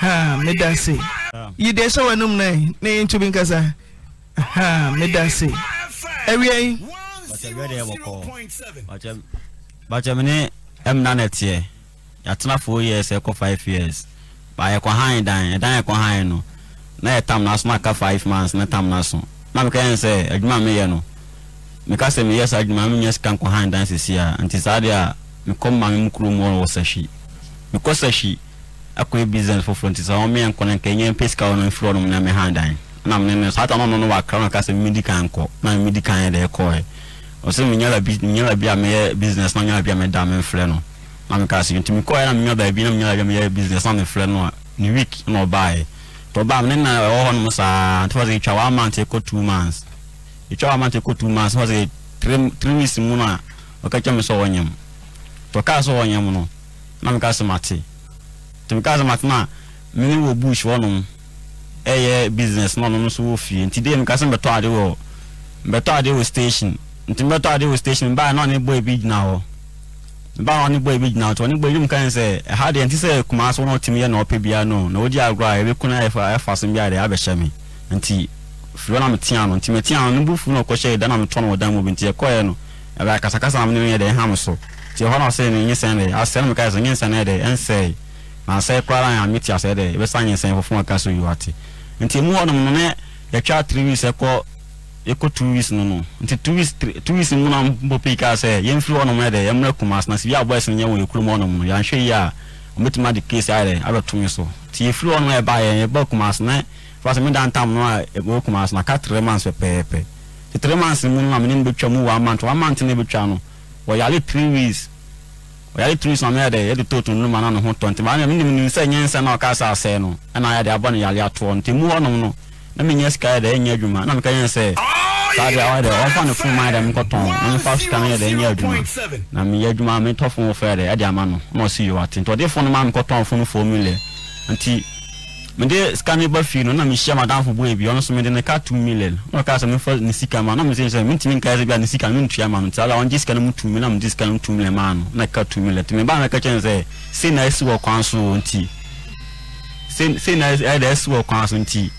ha meda se yi de hyɛ w'anom nan na yɛ ntumi nkasa ha meda se awia yi bakyɛ mene ɛmna na ɛteɛ yɛatena four years ɛkɔ five years yɛkɔ han dan ɛdan yɛkɔ han no na yɛ tam naso na aka five months na tam naso na meka yɛn sɛ adwuma meyɛ no meka sɛ meyɛ saa adwuma menya sika nkɔ han dan sesi a nti saa deɛ a mekɔ ma me mu kurom wɔ sahwi mekɔ sahwi akoye business foforɔ nti sɛ ɔme yɛnkɔ no nka ɛnyɛ mpɛ sika wɔ no mfiri ɔnom na mehandan na mnene no ata no no no wakra no ka sɛ medi kan kɔ na medi kan yɛ dɛ ɛkɔɛ ɔsɛ menyala bi a meyɛ business na nyala bi a mɛda memfrɛ no na meka sɛ nti mekɔɛ na menya baabi na menyala bi a meyɛ business na mefrɛ no a ne week na ɔbaɛ tɔ ɔbaa mene na ɛwɔ hɔ nom saa nti fa sɛ ɛtwa one month ɛkɔ two months ɛtwa one month ɛkɔ two months fa sɛ three weeks mu no a ɔka kyɛ me sɛ ɔnyam tɔ kaa sɛ ɔnyam no na meka sɛ mate tibika asɛm atena a mene wɔ bush hɔnom ɛyɛ business na ɔno nso wɔ fie nti deɛ meka sɛ mbɛtɔ ade wɔ mbɛtɔ ade wɔ station nti mbɛtɔ ade wɔ station mbaa na ɔne boy bi gyina hɔ mbaa na ɔne boy bi gyina hɔ ɔne boy bi mu kan sɛ ɛha deɛ nti sɛ kumaa so na ɔtumi yɛ na ɔpɛ bia no na ɔgye agorɔ a ebi kuna ɛfa ɛfa so bi a deɛ abɛhyɛ mi nti firi hɔ na mete ano nti mete ano ne bufu na ɔkɔhyɛ da na metɔ no wɔ dan mu bi nti ɛkɔɛ no ɛbɛn akasakasa na mo ne yɛ deɛ ɛha mo so nti ɛhɔ na ɔsɛ ne nyesɛn deɛ asɛn mo ka yɛ so nyesɛn deɛ ɛnsɛɛ ansɛ koraa na ame ti asɛ dɛ yɛbɛsa nyɛ nsɛn foforɔ aka so yiwa te nti mu hɔnom no ne yɛtwa three weeks ɛkɔ yɛkɔ two weeks no no nti two weeks three two weeks mu na mbɔ pii kaa ya yɛmfiri hɔnom yɛ dɛ yɛmmerɛ kumas na sibi abɔ ɛsɛn yɛ wɔ yɛ kurom hɔnom no ya yi a ɔmɛtumi adi case ayɛ dɛ abɛto mi so nti yɛfiri hɔnom yɛba yɛ yɛbɔ kumas na fasa mi dantam no a ɛbɔ kumas na ka three months pɛpɛɛpɛ three months mu no na mi ne no bɛtwa mu one month one month ne bɛtwa no wɔyare three weeks ɔyɛ tourism yɛ dɛ yɛde toto nnuma na ne ho tɔ nti maa mi nim sɛ nyɛ nsɛm na ɔka sɛ asɛe no ɛna yɛde abɔ ne yale atoɔ nti mu hɔnom no na menyɛ sika yɛ dɛ ɛnyɛ adwuma na meka nyɛ sɛ oh, saa deɛ ɔyɛ dɛ ɔmfa ne fom ayɛ dɛ menkɔtɔn na mefa sika no yɛ dɛ ɛnyɛ adwuma na meyɛ adwuma metɔ fom wɔ fɛ yɛ dɛ ɛde ama no na ɔsi yowate nti ɔde fo no ma mekɔtɔn fo no fo mu lɛ nti mede sika mi ba fii no na mehyia madamfo bo bi ɔno so mede ne ka two million na ɔka sɛ mefa ne sika ma na mesɛ sɛ mentumi nkae sɛ bia ne sika no mentua ma no nti ala ɔngye sika no mu two na mede sika no mu two maa no na ka two million nti meba mɛka kyɛ sɛ sei na asi wɔ kwan so nti sei na ɛda asi wɔ kwan so nti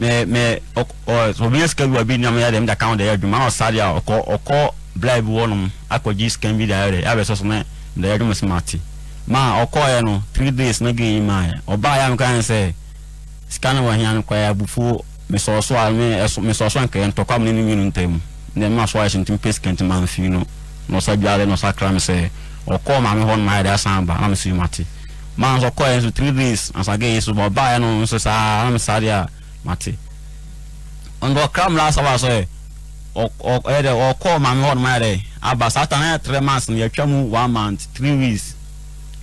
mɛ mɛ ɔ ɔbɛnya sika bi wɔ bi nneɛma yɛ dɛm da kan dɛ yɛ adwuma na ɔsade a ɔkɔ ɔkɔ blaa bi wɔ nom akɔgye sika bi da yɛ dɛ abɛsɛ so na da yɛ adwuma so ma te ma ọkọọ no three days na gị ma ọbaa ya nka sị sika na wahia no ya bufuo mesọsọ a mesọsọ nka ya ntọkwa mu ne nimi no ntam na mma so ayɛ ntim pesi kente ma mfi no na ɔsa biara na ɔsa kra me sɛ ɔkɔɔ maame hɔ no ma ayɛ de asan ba na me sɛ mate ma nso kɔɔ ya nso three days asage yɛ so ba ọbaa ya no nso saa na me saa de a mate ɔnkɔ kra mu laasa ba sɛ ɔyɛ dɛ ɔkɔɔ maame hɔ no ma ayɛ dɛ aba saa ta na yɛ three months na yɛatwa mu one month three weeks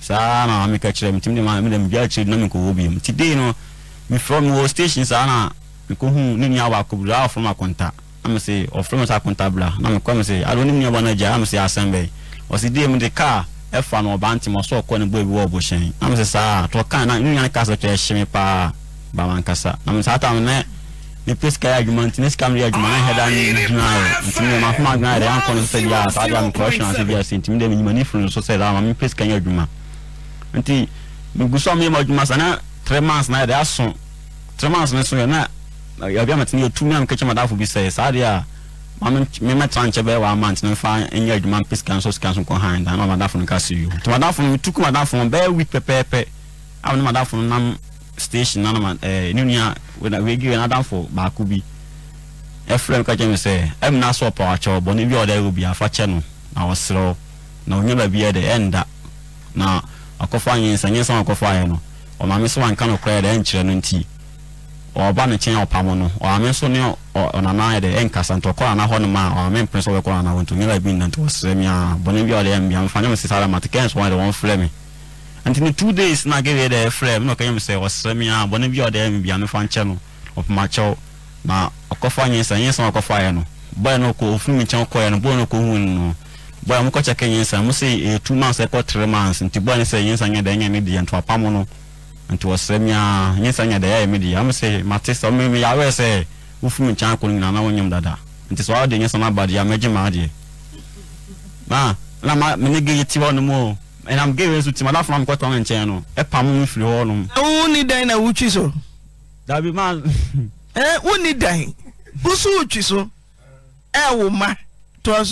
saa na maame ka kyerɛ me ntimi de maame de medwa akyire na mekɔwɔ biam nti dei no mefrɛ mewɔ station saa na mekɔhu ne nua baako bi a ɔfrɛ m akonta na me se ɔfrɛ me sɛ akonta bra na mekɔ me se ade ne nua ba no agya na me se asɛm bɛyi ɔse dei mu de kaa ɛfa no ɔba ntem ɔsɛ ɔkɔ ne bɔ bi wɔ ɔbɔhyɛn na me se saa tɔ kaa na ne nua no kaa sɛ ɔkyerɛ hye paa ba mankasa na me saa tam ne mepe sika yɛ adwuma nti ne sika mede yɛ adwuma na hɛda ne gyinaɛ ntimi mahoma adwunaɛ dɛ ankɔ no sɛ bia saa de a mekɔrɛhwɛ no ase bia sɛ ntimi dɛ menyima ne firi so sɛ daa ma mepe sika yɛ adwuma nti megu so ɔmo yɛ ma adwuma sa na three months na yɛde aso three months ne so yɛ na yɛbi ama tena yɛtu na mekɛkyɛ ma daafo bi sɛ saa deɛ a mɛmɛtra nkyɛ bɛyɛ wɔ amant na mfa nyɛ adwuma mpe sika nso sika nso nkɔ han da na madafo no ka se yo nti madafo no metu ku madafo no bɛyɛ week pɛpɛɛpɛ ama ne madafo no nam station na nama ɛɛ eh, ne nua wegi wɛ n'adamfo baako bi ɛfrɛ mi ka kyɛ mi sɛ ɛmu na so ɔpɔ akyɛw bɔ ne bi a ɔda yɛ obi afa kyɛ no na ɔserew na onye baabi yɛ de ɛnda na akɔfa nyensa nyensa akɔfa yɛ no ɔmaame so wanka no koraa yɛ dɛ nkyerɛ no nti ɔba ne kyɛn ɔpam no ɔmaame so ne ɔnana yɛ dɛ ɛnkasa nti ɔkɔ nana hɔ no ma ɔmaame mpere so ɔbɛkɔ nana hɔ nti onyala bi nante ɔsrɛ mi a bɔne bi a ɔde ɛmbia mfa nyɛm sisa dama te kɛn so wɔn de wɔn frɛ mi nti ne two days na akɛwie dɛ ɛfrɛ mi na ɔkɛnyɛm sɛ ɔsrɛ mi a bɔne bi a ɔde ɛmbia no fa nkyɛ no ɔpamakyɛw na ɔkɔfa nyensa nyensa ɔkɔfa yɛ no bɔyɛ no kɔ ofun mi nkyɛn kɔyɛ no bɔyɛ no kɔ hun no boy mo kɔ kyɛkɛ yɛnsa mo sɛ eh, two months ɛkɔ three months nti boy ne sɛ yɛnsa nyɛ dɛ ɛnyɛ ne deɛ nti wapam no nti wɔsrɛ mi a yɛnsa nyɛ dɛ ɛyɛ me deɛ ɔmo sɛ mate sɛ ɔmo mi yawɛ sɛ wofu mi nkyɛn akɔno nyinaa na wɔnyɛm dada nti sɛ ɔde yɛnsa n'aba deɛ amagye maa deɛ ma, na ma me ne geyi ti hɔ nom o ɛnam e geyi nso ti ma dafo e na mi kɔ tɔn nkyɛn no ɛpam mi firi hɔ nom. ɛwɔ ni dan na wotwi so. dabi ma. ɛ eh, wɔ ni dan wosow twi so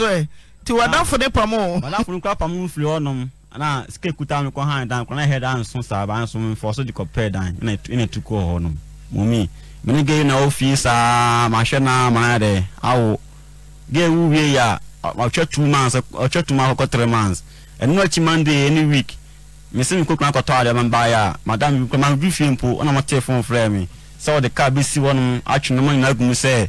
e ti wadafo de pamo. wadafo nkura pamo firi hɔnom na sika kuta mi kɔ han dan kɔnɔ hɛ dan so saa ban so mi fɔ so de kɔ pɛ dan ɛna tu kɔ hɔnom mumi mini gei na ofi saa ma hwɛ na ma yɛ dɛ awo gei wu wie ya ɔtwɛ two months ɔtwɛ two months kɔ three months ɛnu akyi monday ɛni week mesi mi kokuna kɔtɔ adeɛ ma ba ya madam bi kura ma du fie mpo ɔna ma tɛ fon frɛ mi sɛ ɔde kaa bi si hɔnom atwi ne mo nyinaa gu mu sɛ.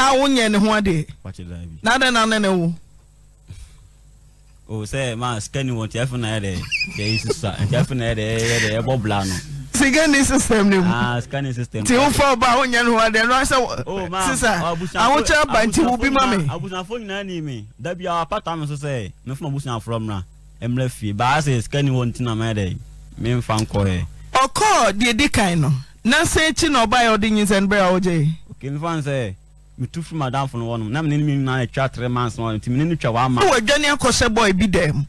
a wonyɛ ne ho adeɛ na adɛn na ne wo o oh, sɛ ma sika ni wɔn tiɛfo na yɛ dɛ yɛ yi sisa tiɛfo na yɛ dɛ yɛ dɛ yɛ bila no. sika ni system ni mu aa sika ni system. ti n oh, oh, fɔ ba o ɲɛ ni wa dɛ n'o sɛ àwọn tí a ba ti wu bí ma mi. abusanfo nyinaa ni mi dabi awo apata mi sɔsɛ mi fún abusanfo mi na ɛmlɛ fi baasi sika ni wɔn ti na mɛ dɛ mi n fa n kɔ yɛ. ɔkɔ diedi kan no na se ekyi na ɔba yɛ ɔdi nyinsɛn bɛrɛ awɔ kì í fa n sɛ metu firi madamfo no wɔnom na mene ne nyinaa atwa tre months no nti mene no twa waama wɔ adwane akɔ sɛ boy bi dɛm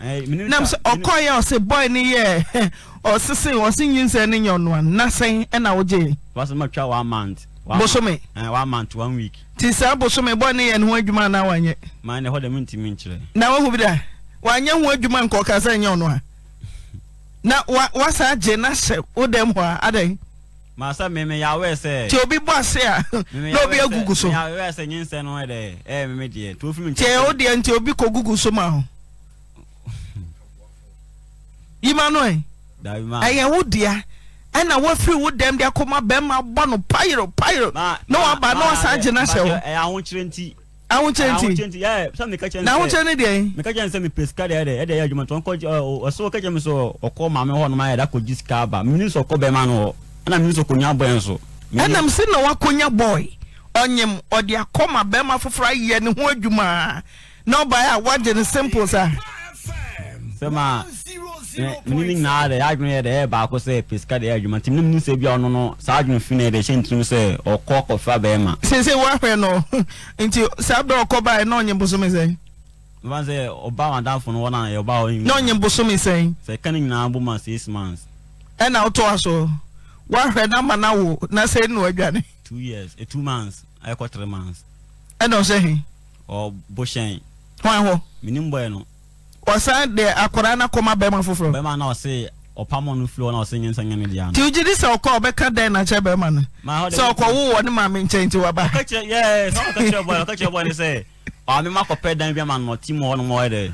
nam sɛ ɔkɔyɛ ɔse boy no yɛ ɔsese ɔse nyinsɛ no nyɛ ɔnoa na sɛn ɛna wogye wasɛ matwa one month bosome one month one week nti saa bosome boy no yɛ ne ho adwuma anaa wanyɛ ma ne hɔ dɛ mentimi nkyerɛ na wohu bi da wanyɛ ho adwuma nkɔka sɛ nyɛ ɔnoa na wasaa gye na hyɛ wo dɛm hɔ a masa meme ya sɛ. tí obi bɔ ase a n'obi egugu so. meme yawɛ sɛ nye nsɛn no ɛdɛ ɛyɛ meme deɛ tó fi mi. tiɛ o deɛ nti obi kò gugu so ma ho. yima no ɛ. dabi ɛyɛ wo dea ɛna eh, wafiri wo dɛm de akoma bɛrima bɔ no payiro payiro na waba na wasan gyina hyɛ wo. ɛyɛ eh, ahokyere nti. ahokyere nti. ahokyere nti yɛ eh, na ahokyere ne deɛ. meka kyɛn sɛ mi pe deɛ ɛdɛ ɛdɛ yɛ adwuma tɔn kɔ ɔsɛ wɔkɛ mi sɛ ɔkɔ maame hɔ nom ayɛ dɛ akɔ gyi sika aba mi ni sɛ ɔkɔ bɛrima no ɛna mi sɛ konya bɔyɛ nso. ɛnam sɛ na wakonya bɔy ɔnyim ɔde akɔma bɛrima foforɔ ayɛ ne ho adwuma na ɔbaeɛ a wagye ne simple sa. sɛma mene ne nyinaa dɛ adwene yɛ dɛ ɛyɛ baako sɛ pesika de yɛ adwuma nti menem ne sɛ bia ɔno no saa adwene fi no yɛ dɛ ɛhyɛ ntirim sɛ ɔkɔ kɔfa bɛrima sesei woahwɛ no nti saa berɛ ɔkɔ baɛ na ɔnye bosome sɛn mfa sɛ ɔba madamfo no wɔna yɛɔba ɔna ɔnye bosome sɛn sɛ ɛka ne nyinaa boma six months ɛna wotɔa so wahwɛ na ma na wo na sɛ nu adwane two years eh, two months ayɛkɔ three months ɛna ɔsɛ he ɔbohyɛn hwan hɔ menim bɔɛ no ɔsan de akwaraa no akɔma bɛrima foforɔ bɛrima na ɔse ɔpamɔ no firi na ɔse nye nyɛ ne dea no nti wogye sɛ ɔkɔ ɔbɛka dɛn na kyɛ bɛrima no sɛ ɔkɔwo wɔ ne maame nkyɛn nti waba ɔka kyerɛ bɔɛ ne sɛ ɔamema kɔpɛ dan bi ama no ɔtim hɔ nom ɔyɛ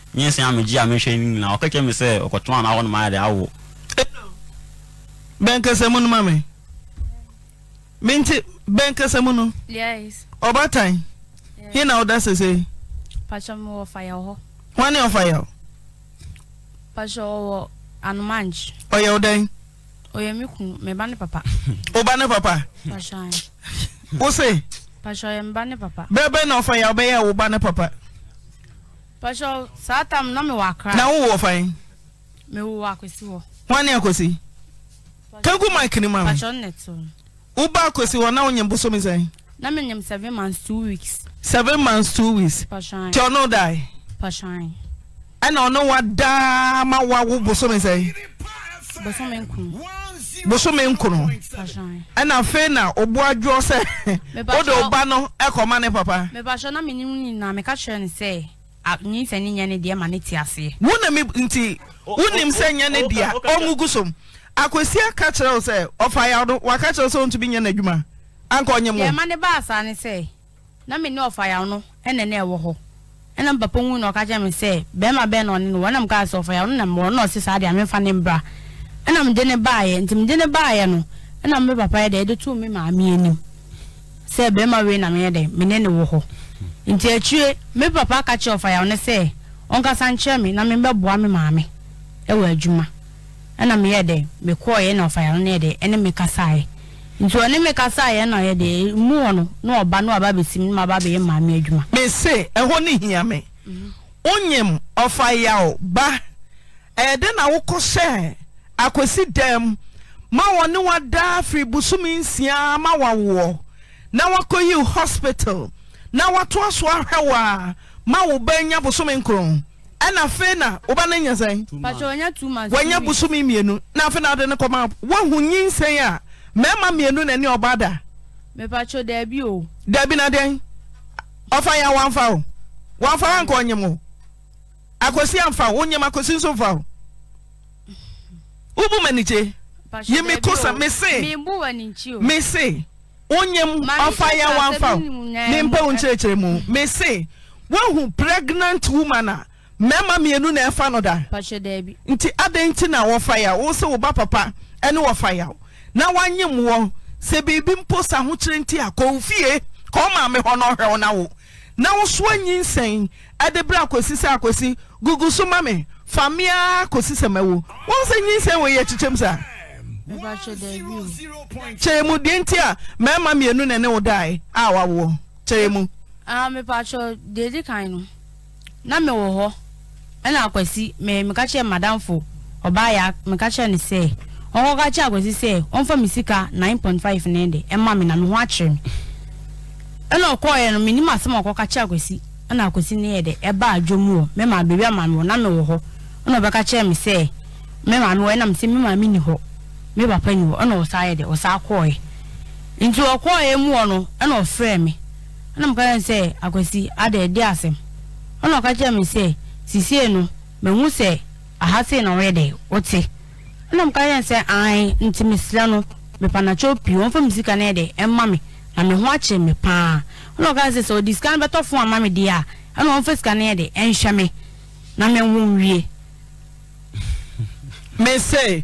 nyɛnsa amegye a mehwɛ no nyinaa ɔkɛkyɛ me sɛ ɔkɔtoma na awɔ nom ayɛ de awo bɛnkasa mu no ma me menti bɛnkasa mu no ɔbatan he na woda sese wane ɔfayaw ɔyɛ wo dɛn ɔyɛ me kun me ba ne papa. o ba ne papa. o se. pasɔ ɔyɛ me ba ne papa. bɛɛ bɛ na ɔfɔ yɛ ɔbɛ yɛ ba ne papa. Pastor, saa tam na mewɔ akra. Na wowɔ fan? Mewɔ akwasi hɔ. Hwan ne akwasi? Kanku mic ni maame. Pastor Neto. Woba akwasi hɔ na wonyɛ bosom sɛn? Na menyam seven months two weeks. Seven months two weeks. Pastor. Tí ɔno die. Pastor. Ɛna ɔno wa daa ma wa wo bosom sɛn? Bosom nkunu. Bosom nkunu. Pastor. Ɛna afei na obu adwo sɛ. Mepasɔ. O de oba no ɛkɔma ne papa. Mepasɔ na menim nyinaa meka kyerɛ ne nyinsɛn ni nyɛ ne deɛ ma ne te aseɛ. wuna mi nti wunim sɛ nyɛ ne deɛ ɔngu gu som akwasi aka sɛ ɔfa ya no waka sɛ ɔntumi nyɛ n'adwuma anka ɔnyɛ mu. yɛma ne ba ne sɛ na mi ne ɔfa ya no ɛna ne ɛwɔ hɔ ɛna mpapa nwun na ɔka kyerɛ mi sɛ bɛrima bɛn na ɔne no wɔnam kaa sɛ ɔfa ya na ɔsi saa deɛ amefa ne mbra ɛna mi de ne baayɛ nti de ne baayɛ no ɛna papa yɛ ɛde tu mi maame anim sɛ bɛrima wei na mi yɛ mi ne ne wɔ hɔ. nti akyire me papa ka kyerɛ ɔfa yaw ne sɛ ɔnkasa nkyerɛ me na membɛboa me maame ɛwɔ adwuma ɛna meyɛ dɛ mekɔɔyɛ na ɔfa yaw no yɛ dɛ ɛne mekasaeɛ nti ɔne mekasaeɛ na ɔyɛ dɛ mu wɔ no na ɔba na ɔba bɛsim no ma ba bɛyɛ maame adwuma mese ɛhɔ ne hia me mhm. wonyim ɔfa yaw ba ɛyɛ dɛ na wokɔ hyɛ akwasi dɛm ma wɔne wadaa firi busumi nsia ma wawoɔ na wakɔyi hospital na watoa so ahwɛ wo a ma wo ba nya bosome nkron ɛna afei na woba no nya sɛn wanya bosome mmienu na afei na wode ne kɔma woahu nyinsɛn a mmarima mmienu na ne ɔba da mepatwo daabi o daabi na dɛn ɔfa yɛ wamfa o wamfa wo anka ɔnyem o akosi amfa wo nyem akosi nso mfa o wobu m'anikye yi mekɔ sa mese mese wonye m ọfa ya wamfa mempa wo nkyerɛkyerɛ mu mese woahu pregnant woman a mmarima mmienu na ɛfa no da nti adɛn nti na wɔfa ya wo sɛ wo ba papa ɛne wɔfa ya na woanye m wɔ sɛ biribi mpo sa ho kyerɛ nti a kɔwo fie kɔ ma me hɔ no ɔhwɛ wo na wo na wo so anyinsɛn ɛde berɛ akɔsi sɛ akɔsi gugu so ma me fa mmea akɔsi sɛ mawo wɔn sɛ nyinsɛn wɔ yɛ kyekyɛm saa kyerɛ mu deɛ nti a mmarima mmienu na ne wo dae a wawoɔ kyerɛ mu mepakyɛ deɛ di kan no na mewɔ hɔ ɛna akwasi meka kyerɛ madamfo ɔbaayɛ meka kyerɛ ne sɛ ɔnkɔ ka kyerɛ akwasi sɛ ɔmfa me sika 9.5 ne de na me ho akyerɛ me ɛna ɔkɔɔyɛ no menim asɛm ɔkɔ ka kyerɛ akwasi ɛna akwasi ne yɛ de wɔ mɛma ama na mewɔ hɔ ɛna ɔbɛka kyerɛ me sɛ mɛma wɔ ɛnam sɛ me ni hɔ me papa ni hɔ ɛna ɔsa yɛ deɛ ɔsa kɔɔɛ nti ɔkɔɔɛ mu hɔ no ɛna ɔfrɛ me ɛna mo kaya sɛ akwasi ada ɛdi asɛm ɛna ɔka kyerɛ me sɛ sisie no mehu sɛ aha se na ɔyɛ deɛ ɔte ɛna mo kaya sɛ ae nti mesra no mepanakyɛw pii wɔn fam sika no yɛ deɛ ɛma me na me ho akyerɛ me paa ɛna ɔka sɛ sɛ ɔde sika no bɛtɔ fo ama me deɛ a ɛna wɔn fɛ sika no yɛ deɛ ɛnhwɛ na me ho nwie. me say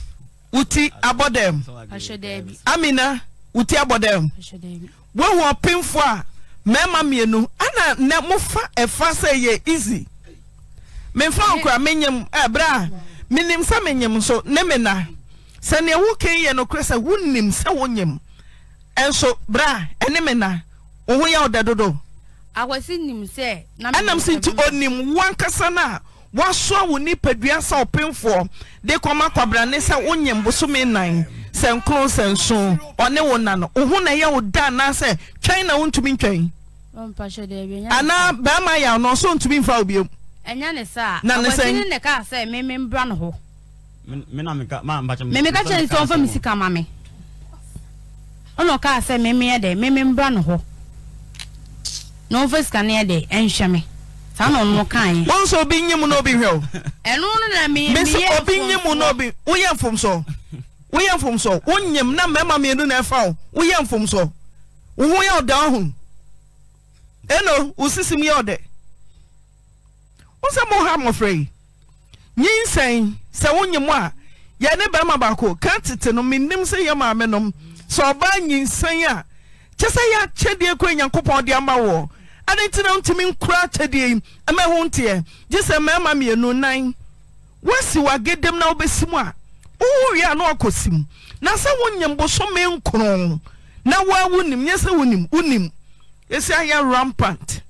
uti abɔ dɛm amina wuti abɔ we wohu ɔpemfo a mema mienu ana ne mofa ɛfa sɛ yɛ easy mefa nkura menyam ɛbrɛ a menim sɛ menyem so ne mena sɛ wo ken yɛ no sɛ wonim sɛ wonyam ɛnso bra ene ɛne mena wo ho yɛ wo dɛ dodo ɛnam sɛ nti onim wankasa no wasoa wo nipadua sɛ ɔpemfoɔ de kɔma kwabrane sɛ wonyim bosome nan sɛ nkron sɛ nson ɔne wo na no na ɛyɛ wo da anaasɛ twɛn na wontumi ntwɛn anaa bɛrima yɛ ano ɔso ntumi mfa wo biom ɛnyɛ ne saa na ne sɛn kaa sɛ mimi mbra no ho memeka kyerɛ ne sɛ ɔmfa me sika ma me ɔna ɔkaa sɛ memeɛ dɛ meme mbra no hɔ na ɔmfa sika neɛ dɛ ɛnhwɛ me saa na ɔno kan yi. wọn sọ obi nyimu na obi hwɛ o. ɛnu no na mi mi yɛ nfumso. obi nyimu na obi woyɛ nfumso woyɛ nfumso wonyim na mmarima mmienu na ɛfa o woyɛ nfumso wohu yɛ ɔda ɔho ɛnna osisi mu yɛ ɔdɛ wosɛ mo ha mmɔfra yi nyinsɛn sɛ wonyim a yɛ ne barima baako ka tete no menim sɛ yɛ maame nom sɛ ɔbaa nyinsɛn a kyɛ sɛ yɛ akyɛdeɛ kɔ nyankopɔn de ama adɛn nti na wontumi nkora akyɛdeɛ yi ma ho nteɛ gye sɛ mmarima mmienu nan woasi w'agedam na wobɛsi mu a wowowie a na si mu na sɛ wonyam bosome nkron na woa wonim nyɛ sɛ wonim wonim ɛsi ayɛ rampant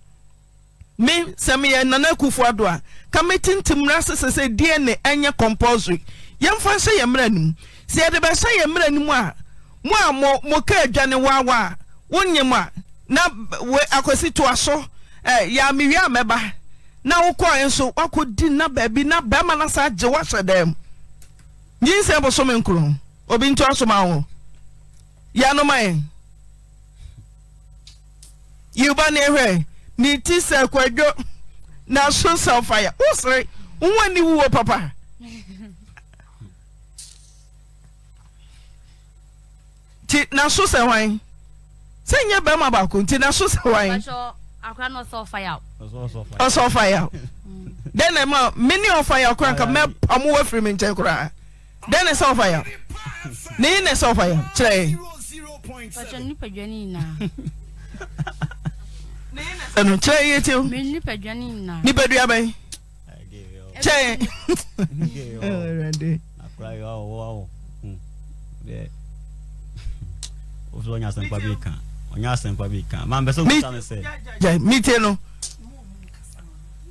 me sɛ meyɛ nana akufo ado a ka metintim mmara sɛ sɛ sɛ dna ɛnyɛ compulsory yɛmfa nhyɛ yɛ mmerɛ nim sɛ yɛde bɛhyɛ yɛ mmerɛ nim a mo a mo mo ka adwane waawa a wonyam a na akwasi toa so eh, yɛ mewie a mɛba na wokɔe nso di na baabi na bɛrima no saa gye woahyɛ dɛm nyinsɛ bosome nkuro obi nto asom awo yɛanomaɛ yiwba ne ɛhwɛ ne ti sɛ kwadwo na so sɛfaya wosere wowa ni wuwo papa nti na so sɛ nyɛ bɛrima baako nti na so sɛ wan ɔsɛ ɔfaya dɛn na ma mene ɔfaya kora nka mɛpamo wafiri me nkyɛn koraa dɛn na sɛ ɔfaya ne yi na sɛ ɔfaya kyerɛ ɛno kyerɛ yɛ tiw nipadua bɛn kyɛn ɔsɔ nyasankwa bi kan ɔnyɛ asɛmpa bi ka maa mbɛ sɛ ɔkuta ne sɛ. mi tie no.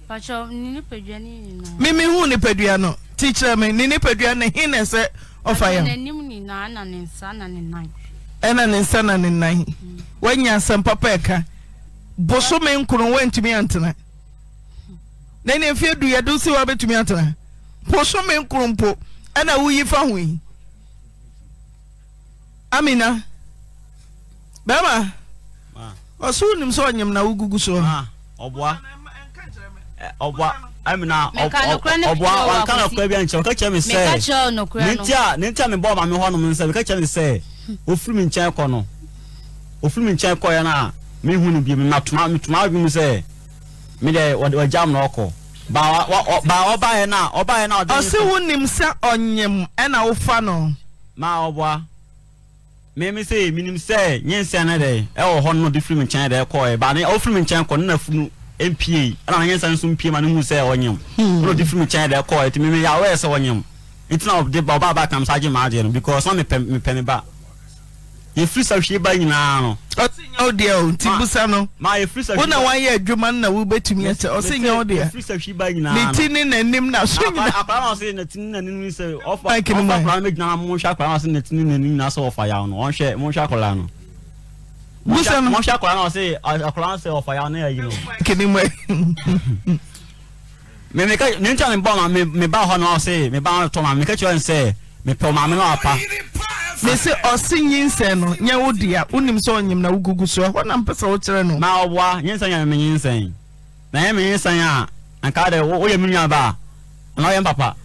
pàtó ni nipadua ni nyinaa. mímí hu nipadua no ti mi ni nipadua ne hin na sɛ ɔfa yam. n'anim nyinaa na ne nsa na ne nan. ɛna ne nsa na mm. e ne nan. wanya asɛmpa pa ɛka bosome nkron wantumi antena na ne mfe du yɛde si wa bɛtumi atena bosome nkron po ɛna e woyi fa ho yi amina. bɛrima ɔso wonim sɛ na wogugu so ọbụwa, ɔboa amina ɔboa wanka nokora bi ankyɛ wɔka kyerɛ me sɛ ne nti a mebɔɔ ma me hɔ nom sɛ meka kyerɛ me sɛ ɔfiri me nkyɛn kɔ no ɔfiri me nkyɛn kɔɛ no bi bi m ba mímí sẹ èmi nim sẹ nyẹ nsẹ ne dẹ ẹ wọ hɔ no de firi mi nkyɛn dɛ kɔ ɛ baani ɔ firi mi nkyɛn kɔ ne na funu mpie ɛna nyɛ nsɛ nso mpie ma ne hu sɛ ɔnyɛm hmm. ɔna ɔde firi mi nkyɛn dɛ kɔ ɛ ti mímí yà ɔyɛ sɛ ɔnyɛm nti na ɔde ba ɔba aba kam sa agye maa no because ɔn mi pɛ mi pɛ mi ba yɛfiri sa hwie ba nyinaa no. ɔt wo deɛ o nti busa no wo na wanyɛ adwuma no na wobɛtumi ɛsɛ ɔse nyɛ wo deɛ ne ti ne n'anim na so nyinaa busa no mɔhyɛ akwaraa na ɔse akwaraa sɛ ɔfaya ne ayi no kenimɛ me me ka ne nkyɛn me bɔ ma me ba hɔ na ɔse me ba tɔ ma me ka kyerɛ nsɛ me pɛ maame mesi ɔsi nyinsɛn no nyɛ wo dea wonim sɛ ɔnyim na wogugu so ɛhɔ na mpɛ sɛ wokyerɛ no na ɔboa nyinsɛn yɛ me nyinsɛn na ɛyɛ me nyinsɛn a anka dɛ woyɛ me a na ɔyɛ mpapa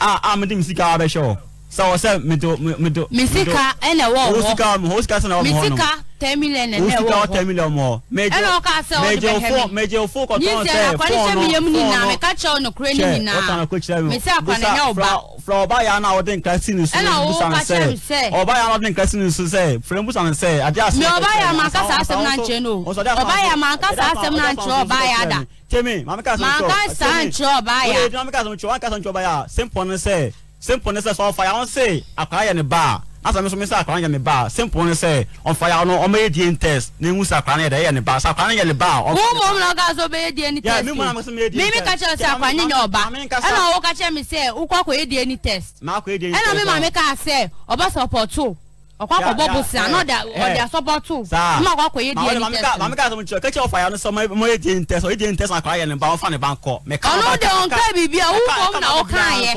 a a mede me sika bɛhyɛ wɔ sa wɔ sɛ meto meto. misika ɛna ɛwɔ wɔ misika wɔ misika sɛ na wɔ hɔ nom misika ten million na ɛwɔ wɔ misika wɔ ten million wɔ. ɛna ɔka sɛ ɔde bɛ hɛ mi mɛjɛ ofo kɔtɔn sɛ fɔɔnɔ fɔɔnɔ nisɛn akɔni sɛ mi yɛ mu nyinaa mɛ kakyɛ ɔno kure ni nyinaa sɛ ɔtɔn akɔ kyerɛ mi misɛ akɔni ɛnyɛ ɔba. fura ɔba yà náà ɔde nkira si ni su busan sɛ ɔba yà náà ɔde nkira si ni su sɛ fure busan sɛ adi ase. mi ɔba yà máa kasa asɛm náà nkyɛn no ɔba yà máa kasa asɛm náà nkyɛn ɔba yà da. tèmi maame kasa nkyɛn ɔba yà. maame kasa nkyɛn ɔba yà. o de maame kasa yà simple ne sɛ sɛ ɔfa ya wɔn se akwara yɛ ne ba asɛm nso mi sɛ akwara yɛ ne ba simple ne sɛ fire ya no ɔmɛ yɛ dna test ni nhu sɛ akwara yɛ dɛ yɛ ne ba sɛ akwara yɛ ne ba. wo mɔ mu na ɔka so bɛ yɛ dna test mi mi ka kyerɛ sɛ akwara yɛ nyɛ ɔba ɛna ɔwɔ ka kyerɛ mi sɛ wokɔ akɔ yɛ dna test ɛna mi maame ka sɛ ɔba sɛ ọkọ akọbọ bosi ana ọdẹ ọdẹ asọbọ tu ọmọ ọkọ akọ yẹ di ẹni tẹsán. maame ká sọmi tí o kẹ́kẹ́ ọ̀fà yà sọ mo yé jẹun tẹsán yé jẹun tẹsán akọrọ yẹ ni ba wọn fa ni ba n kọ. ọ̀nà òde ònkà bìbí ẹ̀ wúwo mu na ó kàn yẹ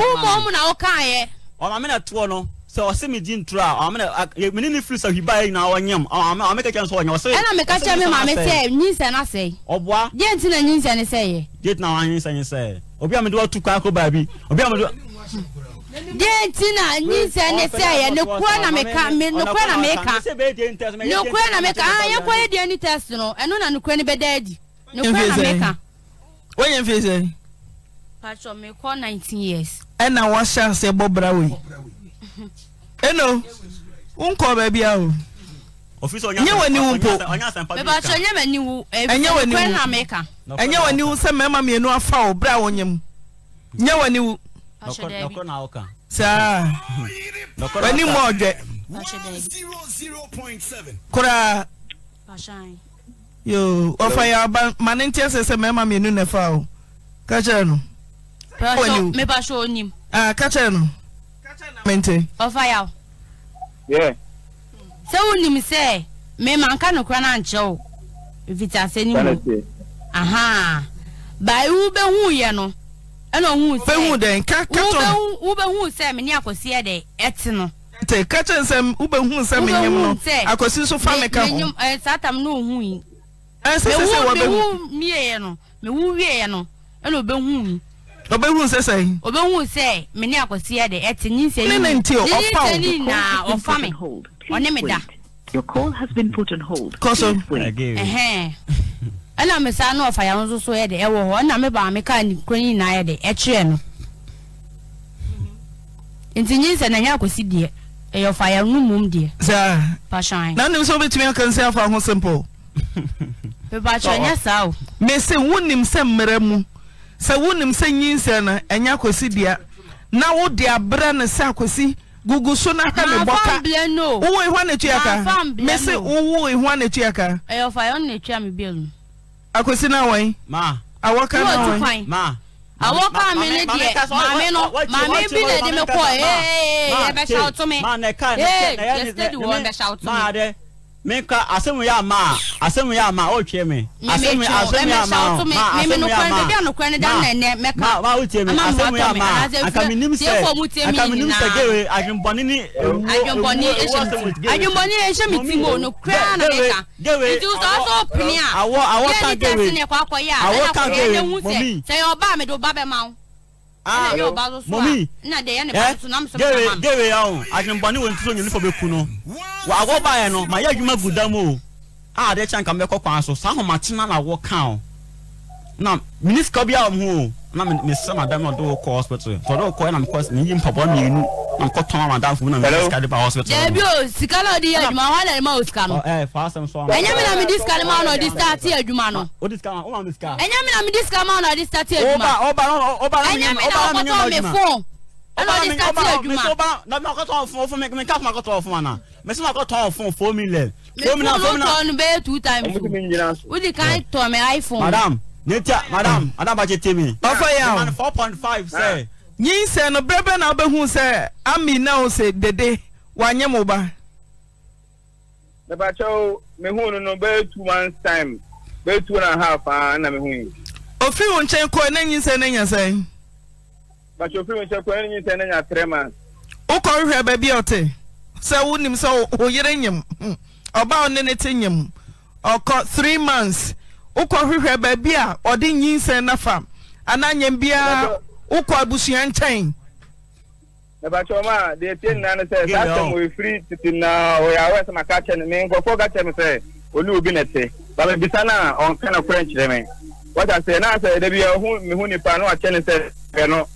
wúwo mu na ó kàn yẹ. ọ̀nà mi na tó ọ nọ sɛ ɔse me gye ntoro a mene ne firi sɛ hwiba yi na deɛ nti na nyinsɛ ne sɛ yɛ na meka ka na meka ka na meka ah yɛ deɛ test no ɛno na ne koa ne adi ka. na meka. wɔnyɛ mfe sɛ. kɔ nineteen years. ɛna wɔhyɛ ase bɔ brawe Eno. nkɔ baabi nye wani wu mpo ɛbàtɔ nye wani wu ɛnyɛ wani wu wani wu sɛ mɛma mienu afa o mu nye wani wu. nɔkɔ na awo kan. saa wani mɔ ɔjɛ koraa yoo ɔfa yɛ aba ma ne nkyɛn sɛ sɛ mɛma mienu na fa o kakyɛ no. ɔniw mepa so onim. aa kakyɛ no mente. ɔfa yaw. sɛ wonim sɛ mema nka nokora no ankyɛ wo ɛfiti asɛ no mu aha baa ɛwu bɛhuu yɛ no ɛna ohun sɛ bɛhu dɛ nka kato wobɛhu sɛ me ne akɔsi yɛ dɛ ɛte no te kakyɛ nsɛm wobɛhu sɛ menyem no akɔsi so fa me ka ho saa tam ne ohu yi mewu mieɛ no mewu wieɛ no ɛna obɛhu yi ɔbɛhu sɛ sɛ ɔbɛhu sɛ me ne akɔsi yɛ dɛ ɛte nyinsɛ yi ne nti ɔfa wo ɔfa me ɔne me da Your call has been put on hold. Koso. Please wait. ɛna me saa na ɔfa yɛn nso so yɛ de ɛwɔ hɔ ɛna me baame kaa ne kuro nyinaa yɛ de ɛkyerɛ no nti nyi nsɛ na nyɛ akɔsi deɛ ɛyɛ ɔfa yɛn no mum deɛ. saa pahyɛn. na nim sɛ obetumi aka nsi afa ho simple. pepakyɛ nyɛ saa o. mesi wunim sɛ mmerɛ mu sɛ wunim sɛ nyi nsɛ no ɛnyɛ akɔsi deɛ na wo de abrɛ ne sɛ akɔsi gugu so na ka me bɔka wowo ihwa na etua ka mesi wowo ihwa na etua ka. ɛyɛ ɔfa yɛn na etua mi bi elu akosi na wɔn. ma awɔ ka na wɔn. ma awɔ ka mi ni deɛ maame no maame bi na ɛdi mi kɔ ee yɛ bɛ hyɛ ɔtumi ee yɛ steady wɔn bɛ hyɛ ɔtumi mi. asɛmu yɛ ama ma, asɛmu yɛ Ma, a ɔtwe mi asɛmu asɛmu yɛ ama a ma asɛmu yɛ Ma, a ma ma o oh, tie mi asɛmu yɛ ama a akaminim sɛ akaminim sɛ gewe adwimbɔni ni ewu ewu asɛmu gewe adwimbɔni ehyɛ mi ti mo no kura na mi ka gewe awɔ awɔ kan gewe awɔ kan gewe mɔmi sɛ yɛ ɔbaa mi do ba bɛ ma o mọmi gewe gewe ahụ adịmbani wee ntụso nyere ifo beku no agwọ baa ya no ma ya adwuma gu dam o a adịcha nka mmekọ kwan so saa ahụmachina na agwọ kan o na minisika bi a ɔmo o na mesɛ madam na ɔde wokɔ hospital nti ɔde wokɔ na mekɔ meyi mpɔbɔ mmienu na mekɔ tɔn madamfo mu na mede sika de ba hospital dabi o sika na ɔde yɛ adwuma hɔ na ɛma o sika no fa asɛm so ɛnyɛ me na mede sika no ma na ɔde starte adwuma no wode sika ma woma me sika ɛnyɛ me na mede sika ma na ɔde starte adwuma ɔba ɔba ɛnyɛ me na ɔkɔtɔ me phone ɛna ɔde starte adwuma ɔba na me ɔkɔtɔ ɔfon ɔfon me nka fo makɔtɔ ɔfon ana mesi makɔtɔ ɔfon four million four million four million. mi funu tɔ no bɛyɛ two times o wudi kan tɔ mɛ iphone. madam netia madam madam bàjẹ́ tèmi. ọfọ yà o four point five sẹ. yín sẹ no bẹrẹ náà bẹ hu sẹ ami náà sẹ dede wà nyẹ mo ba. nàbàkyẹ́wò mi hu no bẹ́ẹ̀ two months time bẹ́ẹ̀ two and a half ah na mi hu yìí. òfin wọn nkyɛn kọ ẹ n'enyi sẹ n'enya sẹ. bàkyẹ́ òfin wọn nkyɛn kọ ẹ n'enyi sẹ n'enya three months. wọkọ nhwẹ bẹẹbi ọtẹ sẹ wọn nim sẹ yẹrẹ ọba ọ ne ne ti nyẹm ọkọ three months. wokɔhwehwɛ baabi a ɔde nyinsɛn na fa anaa nyam biara wokɔ abusua nkyɛn mebakyɛma deɛ tie nyinaa no sɛ saa sɛm ɔɛfiri tete na ɔyɛ awɛ sɛ maka kyɛ no me nkɔfoɔ ka kyɛ me sɛ ɔne obi te no a ɔnka no korɛ nkyerɛ me wata na sɛ da nipa no ne sɛ hwɛ no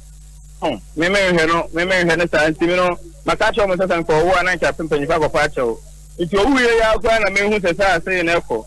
hmm, memenhwɛ no memenhwɛ no saa no maka kyɛw mo sɛ sɛ na nkyɛ pempanyifa kɔfa akyɛw nti ɔwuiɛ yɛ na mehu sɛ saa no ɛkɔ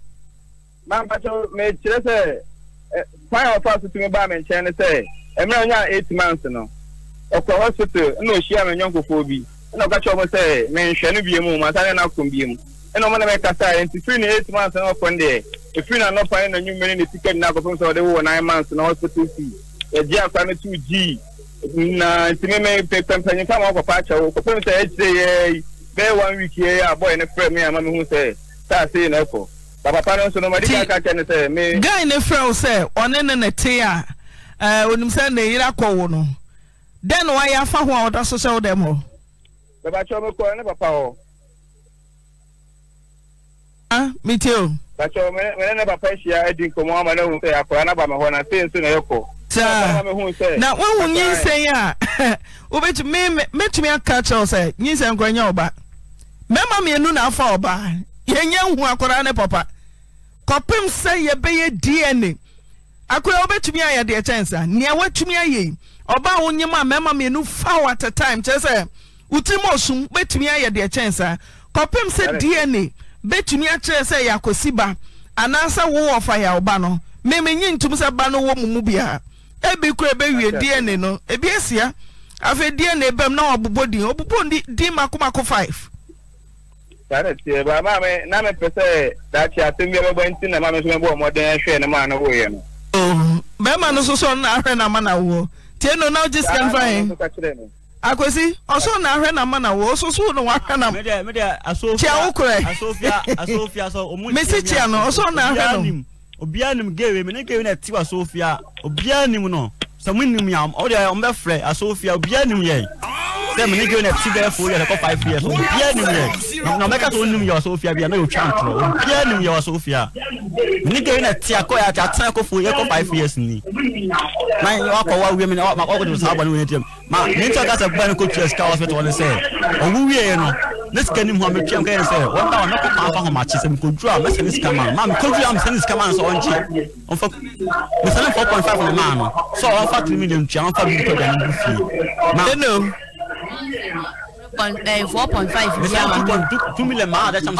mampacho mekyerɛ sɛ kwan a ɔfa so tumi baa uh, me nkyɛn ne sɛ mmerɛ ɔnya eight months no ɔkɔ hospital na ohyia me nyɔnkofoɔ bi na ɔka kyerɛ ɔmo sɛ menhwɛ no masa ne na mɛkasa nti firi ne eight months na ɔkɔ deɛ na anɔpa ne nanwumɛ ne ne sika sɛ ɔde nine months na hospital yɛgye akwa no two g na ntumi mɛ pɛmpɛnyinfa ma ɔkɔfa akyɛw kɔfam sɛ akyire yɛ bɛyɛ one week yɛ ne saa na ɛkɔ gai ne frɛ wo sɛ ɔne ne ne tee a eh, onim sɛ ne yira akɔ wo no tdɛn n waayɛ afa ho a ɔda so syɛ wo dɛm hɔna wohu nyinsɛ a wobɛtu mɛtumi aka kyrɛ wo sɛ nyinsɛ koa nyɛ ɔba mɛma meanu na afa ɔbaa yɛnyɛ nhu akwaraa ne papa kɔpem sɛ yɛbɛyɛ dna akoraa wobɛtumi ayɛ deɛ kyɛn sa nea yi ayɛi ɔba wo nyem a mmarima mmienu faw at a time kyerɛ sɛ wotirim ɔsum bɛtumi ayɛ deɛ kyɛn saa kɔpem sɛ dna bɛtumi akyerɛ sɛ yɛakɔsi ba wo wowɔ fa yɛ ɔba no nyi ntum sɛ ba no wɔ mu mu biara ebi kura bɛwie dna no ebi esia afei dna bɛm na wɔbobɔ din ɔbobɔ din makomako five tie ba maame na me pese dachi asem bi e bɛbɔ nti na maame nso mɛbɔ ɔmɔden ahwɛ e ne maa no wɔyɛ no. Oh, bɛrima soso na ahwɛ na ama na wo no na ogye scan fain akwesi ɔso na na ama na wo na na kyia na ahwɛ no. obiara nim gewe ne gewe na ti wa na mɛka sɛ wonim yɛ wɔ sofia bia na yɛtwa ntorɔ obia nim yɛ wɔ sofia ne gari na te akɔ yɛ ate atena kɔfo yɛkɔ 5 years ni na wakɔ wa wie me na wakɔde saa bɔne wɔne tiam ma ne nti ɔka sɛ ba no kɔtua sika hospital hɔ ne sɛ ɔwo wieɛ no ne sika nim ho a metwam kɛyɛ sɛ wɔnda wɔ mɛkɔ ma afa homakye sɛ mekɔduru a mɛsɛ ne sika ma ma mekɔduru a mesɛ ne sika ma no sɛ ɔnkye ɔmfa mesɛ ne 4.5 ne maa no sɛ ɔmfa 3 million tua ɔmfa four point five bi ama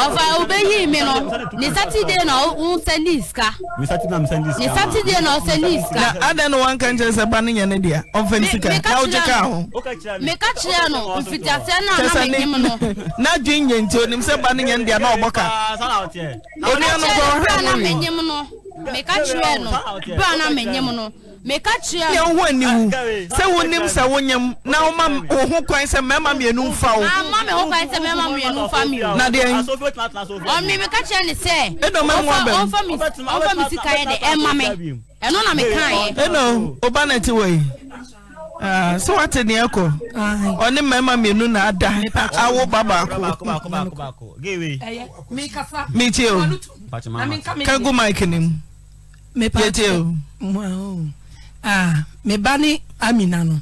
ɔfa obeyi mi no ni saturday na ɔsɛ ni sika ni saturday na ɔsɛ ni sika. na adan no wan kan kyerɛ sɛ ba ne yɛ ne deɛ ɔnfɛ sika na o jɛ ka ho. meka kyerɛ no mfitiaseɛ na ana mi nim no. na dwi nye nti onim sɛ ba ne yɛ ne deɛ na ɔbɔ ka. oni anokɔ ɔhɛn mi. meka kyerɛ no bra na mi nim no meka kyerɛ yɛn ho ani wu ah, sɛ wonim sɛ wonyam na woma wo ho kwan sɛ mmarima mmienu mfa wo ama ah, me ho kwan sɛ mmarima mmienu mfa mi o na deɛn ah, ɔme meka kyerɛ ne sɛ ɛdɔma ho abɛm ɔmfa me sika yɛ de ɛma me ɛno na mekaeɛ ɛno ɔba na ɛte wɔ yi sɛ wate neɛ kɔ ɔne mmarima mmienu na ada awo ba baako metie o ka gu mike ne mu yɛtie o ah me ba ne amina no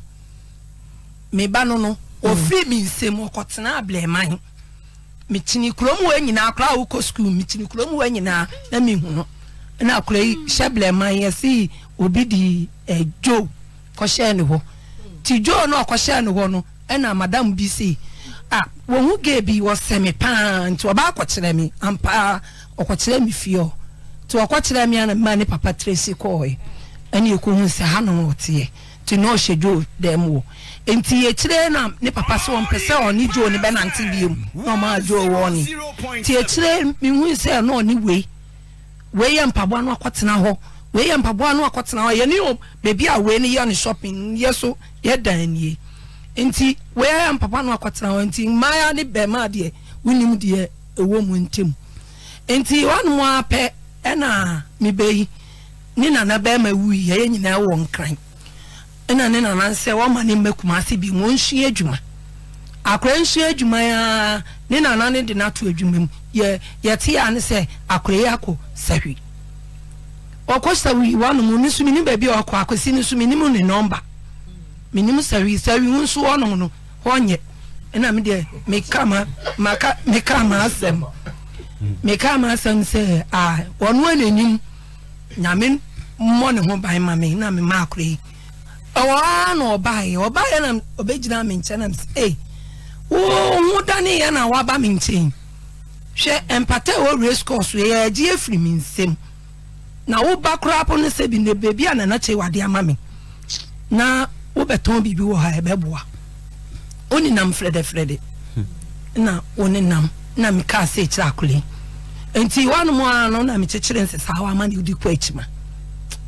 me ba no no ofiri mm. mi nsɛm ɔkɔtena abɛɛma yi mekyini kurom wɔ nyinaa akora a wokɔ sukuu mekyini kurom wɔ nyinaa na mehu no na akora yi mm. hyɛ blɛma yi si, obi di ɛdwo eh, kɔhyɛ ne hɔ mm. ti dwo no ɔkɔhyɛ ne hɔ no ɛna madam bi si a wɔn ho gee bi wɔsɛmi paa nti ɔba akɔkyerɛ mi ampaa ɔkɔkyerɛ mi fie ɔ nti ɔkɔkyerɛ mi ana mmaa ne papa tracy kɔɔ ɛne yɛkɔhu sɛ hanom nti na ɔhyɛ dwo dɛm wɔ nti yɛkyerɛ na ne papa sɛ ɔmpɛ sɛ ɔne dwo ne bɛnante na ɔmaa dwo wɔ ne nti yɛkyerɛ mehu sɛ na ɔne wei wei yɛ mpaboa no akɔtena hɔ wei yɛ mpaboa no akɔtena hɔ yɛne yɛ a wei yɛ ne shopping yɛ so nie nti wei yɛ mpaboa no akɔtena hɔ nti ne bɛrima deɛ deɛ ɛwɔ mu ntam nti apɛ ɛna mebɛyi ne nana bɛrima wuiɛ ya nyinaa wɔ nkran ɛna ne nana nsɛ wɔma ne mma kumase bi mu ɔnsua adwuma akora nsua adwuma yaa ne nana ne de nato adwuma ya yɛ yɛte a ne sɛ akora yi akɔ sahwi ɔkɔ sahwi wɔnom ne nso minim baabi a ɔkɔ akɔsi ne nso minim ne nɔmba minim sahwi sahwi nso wɔnom no wɔnyɛ ɛna mi deɛ meka ma maka meka ma asɛm meka ma asɛm a wɔn wɔn anim nyame no. mmụọ ne ho ban ma mee na me ma akoro yi ọ a na ọbaa ya ọbaa ya na gyina me nkyɛn na me sɛ ee wo dani yɛ na waba me nkyɛn hwɛ mpata a wɔwura skɔɔso ya agye efiri me nsam na woba korapo no sɛ bi na beebi a nana kyɛ wade ama me na wobɛtɔn biribi wɔ ha ebe ɛbɛboa oninam fɛdɛfɛdɛ na oninam na me kaa sɛ ekyir akụrụ yi nti wɔn anum na me kyekyere nsesa awa ama na odi kɔ ekyima.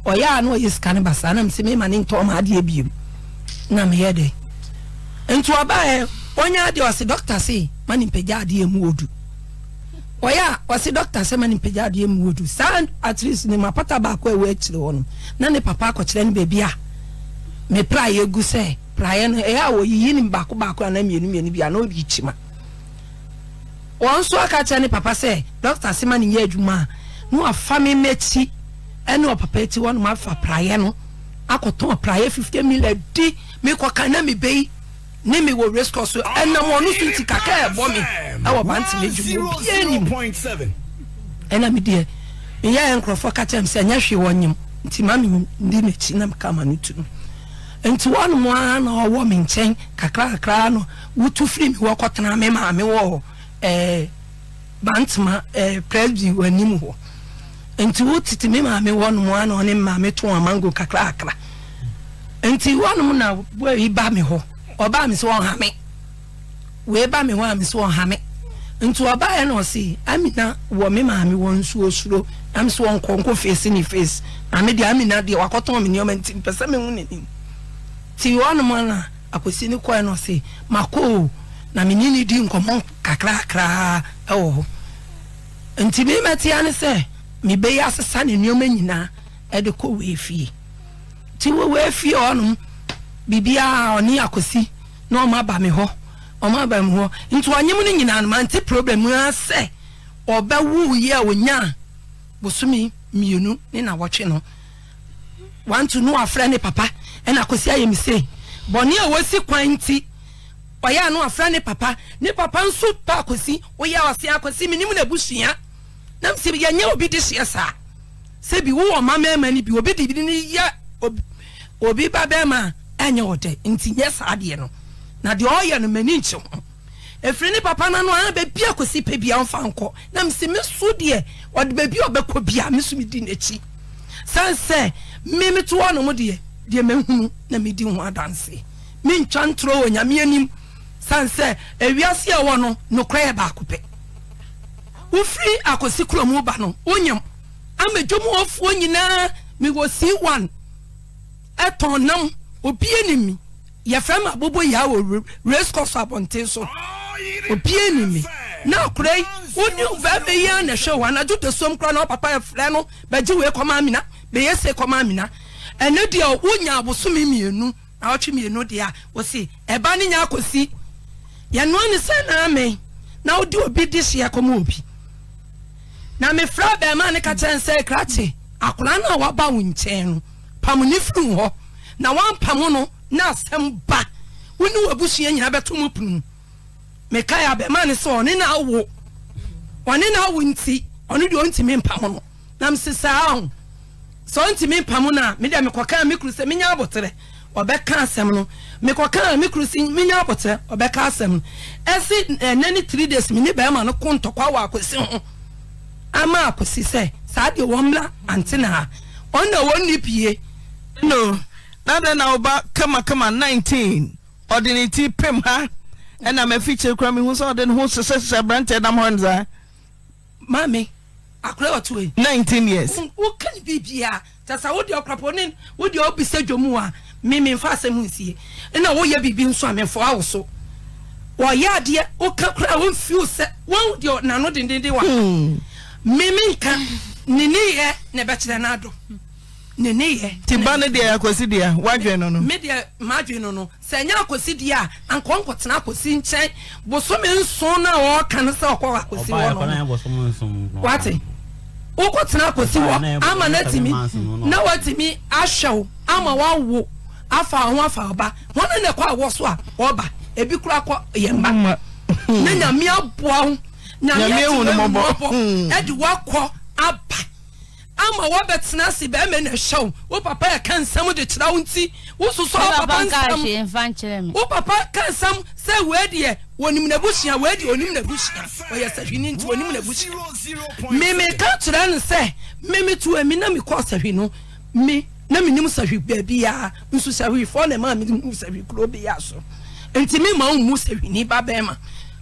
ɔyɛ a na ɔyɛ sika no na mesɛ mema ne ntɔ ma adeɛ na meyɛ dɛ nti ɔbaɛ ɔnya adeɛ dɔkta ma ne mpagya adeɛ mu ɔyɛ a ɔse dɔkta ma ne mpagya adeɛ mu saa at least ne mapata baako ɛwɔ akyire hɔ no na ne papa akɔkyerɛ no a gu sɛ praeɛ no ne baako baako mmienu mmienu bi a na nso aka kyerɛ ne papa sɛ dɔkta ma ne yɛ adwuma a na wafa me ɛne ɔpapa ti hɔ afa praeɛ no akɔtɔn praeɛ fifty di mi ka na mi bɛyi ne mi wɔ race course ɛnam ɔno so ti kaka ɛbɔ mi ɛwɔ bantama edwuma obi enim ɛna mi deɛ mi yɛ nkorɔfoɔ kakyɛ mi sɛ ɛnyɛ hwee wɔ nyim nti di n'akyi na ka no tu no nti wɔn mu ara na ɔwɔ mi nkyɛn kakra kakra no firi mi wɔ kɔtena mi wɔ ɛɛ ɛɛ wɔ anim wɔ. nti tete me maame wɔnom na ɔne maame to amango kakrakra nti wɔnom na woayi ba me hɔ ɔbaa me sɛ ɔhame wee ba me hɔ a me sɛ ɔhame nti ɔbaeɛ na ɔse amina wɔ me maame wɔ nsuo suro na me sɛ ɔnkɔ nkɔ face ne face maame deɛ amina deɛ wakɔtɔn me nneɔma nti mpɛ sɛ mehu n'anim nti wɔnom na akwasi ne kɔɛ na ɔse mako na menye ne di nkɔmmɔ kakrakraa ɛwɔ hɔ nti memɛtea ne sɛ mebɛyɛ asesa ne nneɛma nyinaa ɛde kɔ ti wɔ wɔ efie hɔnom biribiara ɔne akosi na ɔmo aba me hɔ ɔmo aba me hɔ nti ɔnyem nyinaa no mante problem a onya bosomi mmienu ne na wɔtwe no wantu no afrɛ ne papa a wɔsi kwan papa papa nso pa akosi na Nam msi ya yɛnyɛ obi de hyeɛ saa sɛ bi wowɔ ma mɛɛma no bi obi de bi ne yɛ obi ba bɛɛma ɛnyɛ wɔ dɛ nti nyɛ saa deɛ no na deɛ ɔyɛ no m'ani nkye ho efiri ni papa na no ara beebi akosi pe bia nfa nkɔ na msi mi so deɛ ɔde beebi ɔbɛkɔ bia mi su mi di San n'akyi sansɛ mmemme to hɔ nom deɛ me hunu na medi ho adanse mentwa ntoro wɔ nyame anim e ewiase a ɛwɔ no nokorɛ yɛ Ba pɛ wofiri akosi kurom ba no wonyam ama dwomfoɔ nyinaa mewɔ c1 ɛtɔn nam obie ne mi yɛfrɛ me abobɔ yia wɔ race course abɔnten so obie ne mi na akora yi woni bɛɛma yi a na ɛhwɛ wɔ anadwo da suom koraa na ɔpapa ɛfrɛ no bɛgye wei kɔma amina bɛyɛ se kɔma amina ɛno deɛ wonya abosome mmienu na ɔtwe mmienu deɛ a wɔsi ɛba ne nya akɔsi yɛnoa ne sɛ naa mɛ na wodi obi de hyeɛ kɔma obi na mefra bɛrima ne ka kyerɛ se krakye akwadaa no a waba wo nkyɛn no pam ne firi hɔ na wampam no na asɛm ba wo ne wabusua nyinaa bɛto mu punu mekae a bɛrima ne sɛ ɔne na awo ɔne na awo nti ɔno deɛ ɔntumi mpam no na mse saa ho sɛ ɔntumi mpam no a mede mekɔkaa me kuru sɛ menya aboterɛ ɔbɛka asem no mekɔkaa me kuru sɛ menya aboterɛ ɔbɛka asɛm no ɛsi ɛnɛ ne three days me ne bɛrima no ko ntɔkwa wɔ akwasi ho mse sɛ da adɛ na woba kama kama ɔdeneti pem ha namafi ke kora meho sɛ den ho sesɛesɛ brant am mimi nka ne ne yɛ na ɛbɛkyerɛ no adɔ ne ne yɛ. ti ba ne deɛ akosi deɛ wadwe no no. mi deɛ maadwe no no sɛ nyɛ akosi deɛ a nkɔ nkɔtena akosi nkyɛn bosome nson na ɔɔka no sɛ ɔkɔ akosi wɔ no wate wokɔtena akosi wɔ ama na timi na watimi ahwɛ wo ama wawo afa ho afa ɔba wɔn na ɛkɔ awɔ so a ɔba ebi kura kɔ yɛn ba na nyamia boa ho. nyame ehu no mɔbɔ ɛde wakɔ aba ama wɔbɛtena ase bɛrima na ɛhyɛ wo wo papa yɛ ka nsɛm de kyerɛ wo nti wososo wo papa nsɛm wo papa ka nsɛm sɛ wedeɛ wonim na busua wedeɛ onim na busua ɔyɛ sahwini nti onim na busua meme ka kyerɛ no sɛ meme to ami na mekɔ sahwi no me na menim sahwi baabiaa nso sahwifoɔ na ɛma menim sahwi kuro biaa so nti mema wo mu sahwini ba bɛrima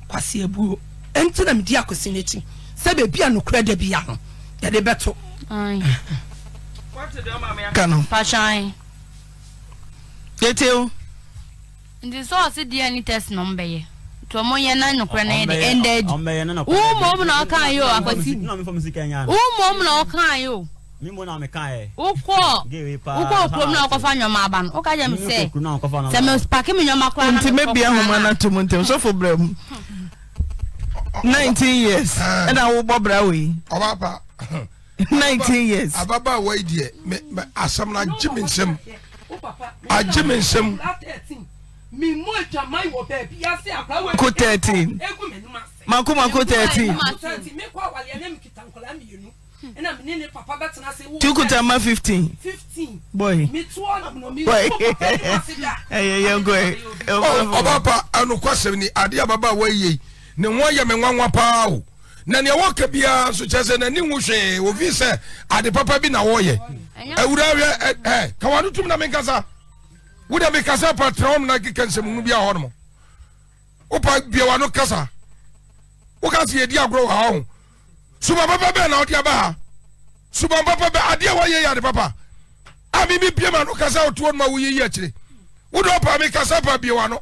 kwase abuo ɛnti na medi akosi no akyi sɛ baabi a nokorɛ da bia no yɛde bɛto ka no yɛteo nti sɛ ɔse deɛ ne test no mbɛyɛ tọmọ yẹn náà nìkúrẹ́ náà yẹn de ended wọ́n mọ̀ ọ́mù náà kàn yìí o àkọsí wọ́n mọ̀ ọ́mù náà kàn yìí o mímu náà mi kàn yẹ. wọ́kọ̀ wọ́kọ̀ okurom náà ọkọ̀fà nyọ̀mọ̀ aba nù ọkọ̀ ajẹ́ mi sẹ́ sẹ́mi pàkí mi nyọ̀mọ̀ kọ́ ẹ̀ náà ọkọ̀ kàn yà. nti mẹ́bi ahoma náà tó mu ntẹ̀ nsọ́fọ̀ bẹ̀rẹ̀ mu. nineteen years ɛna awo bɔ bra wo yi. ɔba pa nineteen years. ababaawa yi deɛ mɛ mɛ asam na agye mi nsɛm agye mi nsɛm. ko thirteen mako mako thirteen. ɛna mi ni ne papa bɛ tena se. tukuta ma fifteen. fifteen. boy. mi tu ɔna mi na mi. boy ɛyɛ yɛn ko ye. ɔ ɔba pa ɛnu kɔsɛm ni adi ababaawa yi ye ne ho yɛ me nwanwa paa o na nea wɔka biara nso kyerɛ sɛ n'ani ho hwee ofi sɛ ade papa bi na wɔyɛ awura hwɛ ɛ kawano tum na menkasa wode mekasa pa tena wɔm na keka nsɛmunu bi a hɔ nom wopa biawa no kasa woka sɛ yɛdi agorɔ wɔ ha ho suba papa bɛɛ na wode aba ha suba papa bɛ adeɛ wɔyɛ yɛ ade papa a mimi biama no kasa wotoɔ no ma woyɛyi akyire wode ɔpa kasa pa biawa no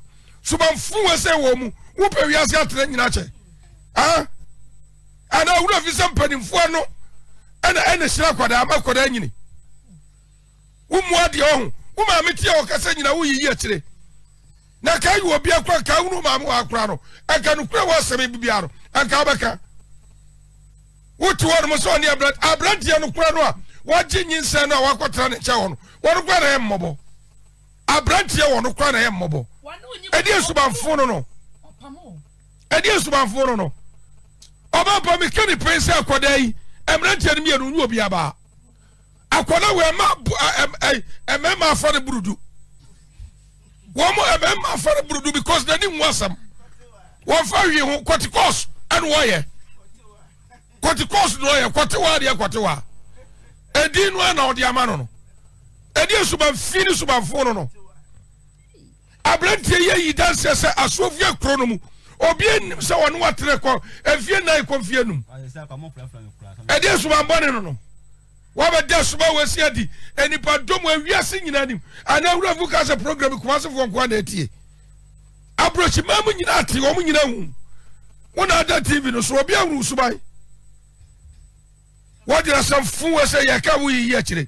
sumanfu wɛsɛ wɔ mu wopɛ wiase atena nyina kyɛ a anaa wura fi sɛ mpanimfoɔ no ɛna ɛna hyira akwadaa ama akwadaa nyini wo mu adeɛ ɔho wo maame tia ɔkasa nyina woyiyi akyire na ka yi obi akora ka wunu maame wɔ akora no ɛka no kura wɔ asɛm bibia no ɛnka wobɛka wote hɔ nom sɛ ɔne abrant abranteɛ no kora no a wɔgye nyinsɛn no a wakɔtena ne nkyɛ hɔ no wɔno kora na ɛyɛ mmɔbɔ abranteɛ wɔ no kora na ɛyɛ mmɔbɔ ɛdi esumanfo no no ɛdi esumanfo no no ɔba pa mi kɛ ne pɛn sɛ akɔda yi mmeranteɛ no mmienu nyɛ obi abaa akɔda wɔ ɛma bu ɛɛ burudu wɔn mo ɛmɛɛma afa burudu because n'ani nwa asɛm wɔn fa wie ho kɔti kɔɔso ɛna wɔyɛ kɔti kɔɔso na wɔyɛ kɔti waa deɛ kɔti waa ɛdi nua na ɔde ama no no ɛdi esumanfi ne sumanfo no no. aberanteɛ yi ayi danseɛ sɛ asofie kuro no mu obi anim sɛ wɔne watene kɔ efie nan kɔ fie num ɛde sumabɔne no no wabɛde asoma wɔasi adi nipa dom awiase nyinaa nim anaa wurafu ka sɛ program kumasefoɔ nkoa na atie aborɔkyima mu nyinaa ate wɔn nyinaa hu wona ada tv no so obi ahuru suban wɔgyina sɛ mfu wɔ sɛ yɛka wo yiyi akyire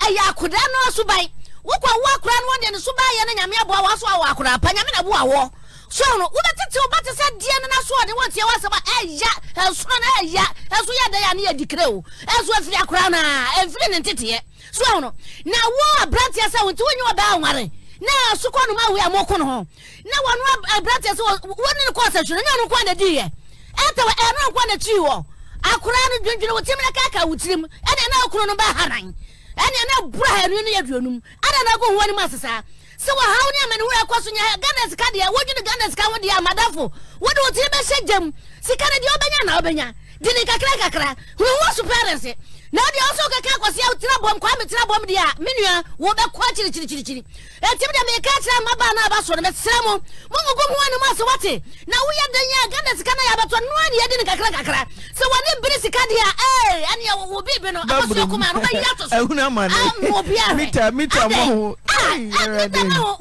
ɛyɛ akwadaa no asuban wokɔ wo akwadaa no wɔde ne so baayɛ no nyame aboa wɔ so awɔ akwadaa pa nyame na boa wɔ so no wobɛtete wo bate sɛ deɛ no naso ɔde wɔnteɛ wɔasɛm a ɛya ɛsono no ɛya ɛso yɛ dɛ yɛ ne yɛ dikire o ɛso afiri akwadaa no a ɛmfiri ne nteteɛ so no na wo aberanteɛ sɛ wo nti wonye wɔbɛa nware na sukɔ nom awe a mɔko no ho na wɔno aberanteɛ sɛ wɔne no kɔɔ sɛtwene nyɛ no nkɔ na diiɛ ɛtɛ ɛno nkɔ na kyii wɔ akwadaa no dwendwene wo tirim no kaka wo tirim ɛne na akuro no bɛhanan ɛne na bura hanu no yɛ aduonum ada na akɔ huwa no mu asesa sɛ wɔhaw ne amane wura ɛkɔ so nya ghana sika deɛ wodwene ghana sika ho deɛ amadafo wode wo tiri bɛhyɛ gyam sika no deɛ wobɛnya na wobɛnya Dini kakra kakra huhu wɔ so na deɛ ɔsɛ wokɛka akɔse a wotena bɔm kwa metena bɔm deɛ a me nua wobɛkɔ akyirikyirikyirikyiri ɛtim e, deɛ meka kyerɛ maba no aba soro no mesrɛ mo momokom ho ane mu ase wate na woyɛ dan a ghana sika no yɛabɛtɔ no ne yɛdi ne kakra sɛ wɔne bere sika deɛ a ɛneɛ wo bibi no abɔsoɛ koma no wobɛyɛ ato sobiaho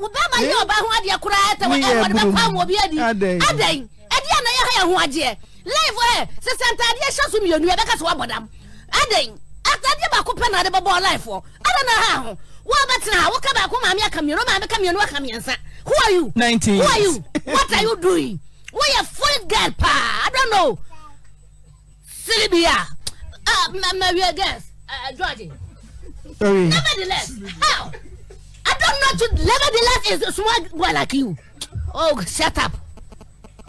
wobɛma yɛ ɔba ho adeɛ koraa ɛtɛ wɔde bɛpa adi adɛn ɛdeɛ na yɛha yɛ ho agyeɛ live ɛ sɛ sɛ hyɛ so mmienu ɛbɛka sɛ woabɔdam adɛn adeɛ baako pɛ na ade bɛbɔ ɔlaifoɔ ada na ha ho wɔbɛtena ha woka baako maame aka mmienu maame ka mmienu aka mmiɛnsa who are you Nineteen. who are you what are you doing woyɛ full girl paa i don't know silibia uh, ah, maria girls uh, george Sorry. nevertheless how i don't know to nevertheless is a small boy like you oh shut up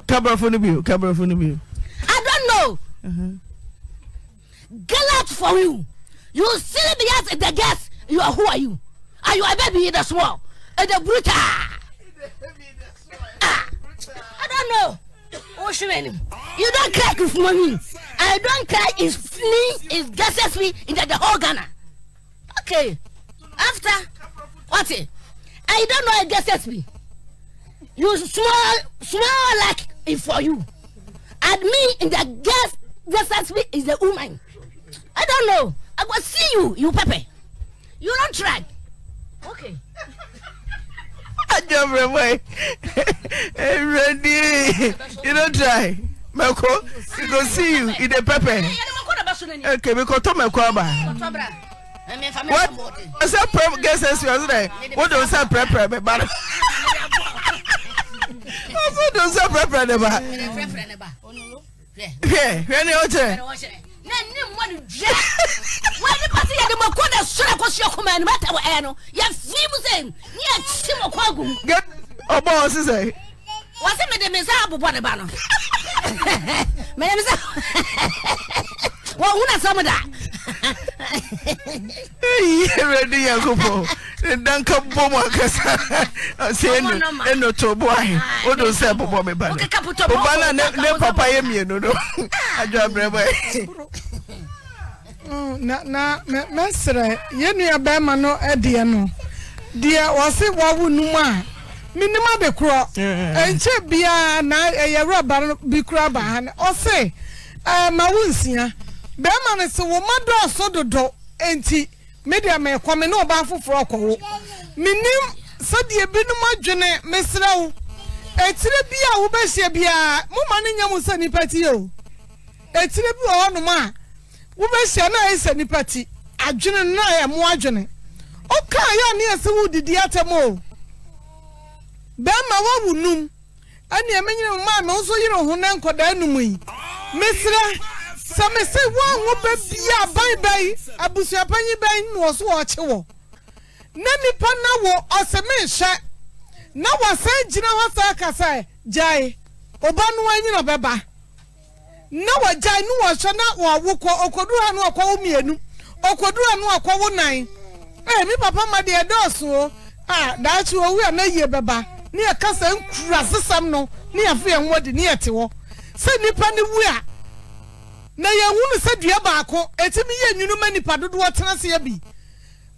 kabrafo no bio kabrafo no bio i don't know uh -huh. Get out for you. You silly because the guest, you are who are you? Are you a baby in the swamp? In the brutal. Ah, I don't know. What's your name? You don't cry with money. I don't cry if me is gasses me in the, the whole Ghana. Okay. After what? I don't know it gasses me. You small small like it for you. And me in the gas gasses me is the woman. I don't know. I go see you, you Pepe. You don't try. Okay. i mi wẹ̀ ẹ ready you don't try mẹ̀kọ́ you go see you you dey pepper okay mi kò tó mẹ̀kọ́ ọba what ọsẹ pẹrẹ gẹsẹ sí ọsẹ dẹ wọ́n dẹ̀ ọsẹ pẹrẹpẹrẹ mi ba ọsẹ dẹ̀ ọsẹ pẹrẹpẹrẹ mi ba hwẹ hwẹ ni ó jẹ. na nim wɔ no dua wɔn nipa sɛ yɛde mako na soro akɔsoa kɔma anim ata wɔ ɛyɛ no yɛfi mu sɛ ne yɛkyi mɔkɔ agum ɔbɔ wɔ se sɛ wɔ se mede me nsa abobɔ ne ba no mede me nsa wona sɛm da awurade nyankopɔn danka bɔ mu akasa sɛ ɛnu ɛnu to bo ahe wodo sɛ bobɔ me ba no boba no ne papa yɛ mmienu no adwo ah. abrɛbɔ mm, na na mɛserɛ yɛnnua bɛrima no ɛdeɛ no deɛ wɔse wɔwo no mu a menim ade korɔ ɛnkyɛ eh. biaa na ɛyɛ werɛ ba no bi kora ba ha no ɔse ma wo nsia bɛrima no sɛ wo ma dɔɔso dodo nti media mɛkɔ me ne ɔbaa foforɔ kɔwo menim sɛdeɛ binom adwene mesrɛ wo etire bi a wobɛhyia biara mo ma ne nya mu sɛ nipa ti o etire bi wɔ nom a wobɛhyia na ayɛ nipa ti adwene na ayɛ mo adwene ɔka ayɛ a ne yɛ sɛ wodidi atɛm o bɛrima wawu num ɛnea menyere mo maa me nso yere ho ne nkɔdaa num yi mesrɛ. sɛ me se woaho bɛ bia aban bɛyi abusuapanyi bɛyi na wɔ so wɔɔkye wɔ na nipa na wɔ ɔsɛ menhyɛ na wɔsan gyina hɔ saa kasa gyae ɔba no anyina bɛba na wɔgyae ne wɔhwɛ na wɔawo kɔ ɔkɔduru ha no ɔkɔwo mmienu ɔkɔduru ha no ɔkɔwo nan ɛɛ me papa ma deɛ dɔɔso o a daakye owu a na bɛba ne yɛ kasa nkura sesam no ne yɛfo yɛn ho de ne yɛte hɔ sɛ nipa ne wu a na yɛhunu sɛ dua baako ɛtumi yɛ nnwunuma nipa dodoɔ tenaseɛ bi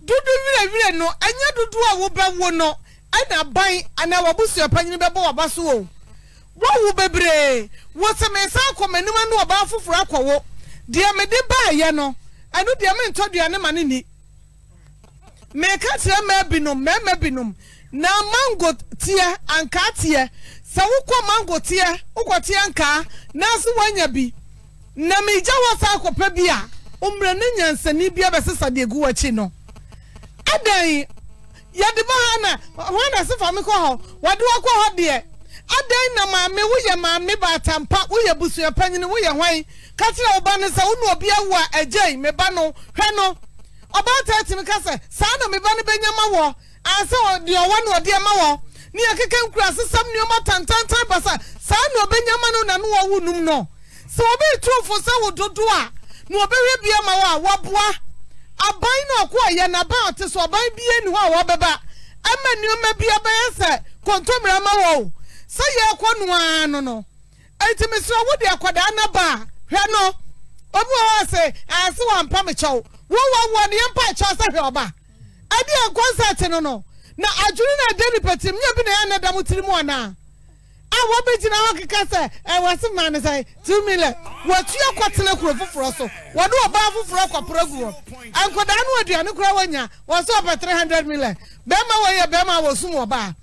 dodo werɛwerɛ no ɛnyɛ dodoɔ a wobɛwo no ɛna ban anaa wabusua panyin bɛbɔ waba so o wɔwo bebree wɔsɛmɛnsa akɔ m'anim ne ɔbaa foforɔ akɔwo deɛ mede baayɛ no ɛno deɛ mentɔ duane ma ne ni meka kyerɛ mmaa binom mmarima binom na mango teɛ ankaa teɛ sɛ wokɔ mango teɛ wokɔ teɛ ankaa nanso woanya bi na megya wɔ saa akɔpɛ bi a ɔmmerɛ ne nyansani bi abɛsesa deɛ gu w'akyi no adan yɛde ba ha na hɔn na sefa mi kɔ hɔ wɔde wɔkɔ hɔ deɛ adan na maame woyɛ maame baatampa woyɛ busua panyin woyɛ hwan kakyina ɔba ne sɛ wonu obi awu a ɛgye me ba no hwɛ no ɔbaa ta ka sɛ saa na me ba no bɛnya ma wɔ ansa deɛ ɔwɔ na ɔde ɛma wɔ ne yɛ keke nkura sesam nneɛma tantantan basa saa na ɔbɛnya ma no na no wɔ num no. sɛ wɔbɛyi tuofo sɛ wo dodo a na wɔbɛhwɛ bia ma wɔ a wɔboa aban na ɔko ɔyɛ n'aban ɔte so ɔban bie ni hɔ a wɔbɛba ama nneɛma bi abɛyɛ sɛ kɔntɔmmira ma wɔ o sɛ yɛrekɔ noaa no no enti mesrɛ akwadaa ba a hwɛ no obi wɔ hɔ sɛ ase kyɛw ne yɛmpa kyɛw sɛ hwɛ ɔba no no na adwene nyɛ bi na tiri awɔ bi gyina hɔ keka sɛ ɛwɔ se maa ne sɛ two million wɔtua kɔtena kuro foforɔ so wɔde ɔbaa foforɔ kɔporo guɔ nkwadaa no aduane koraa wɔnya wɔsɛ ɔbɛ three hundred million bɛrima wɔyɛ bɛrima a wɔsum ɔbaa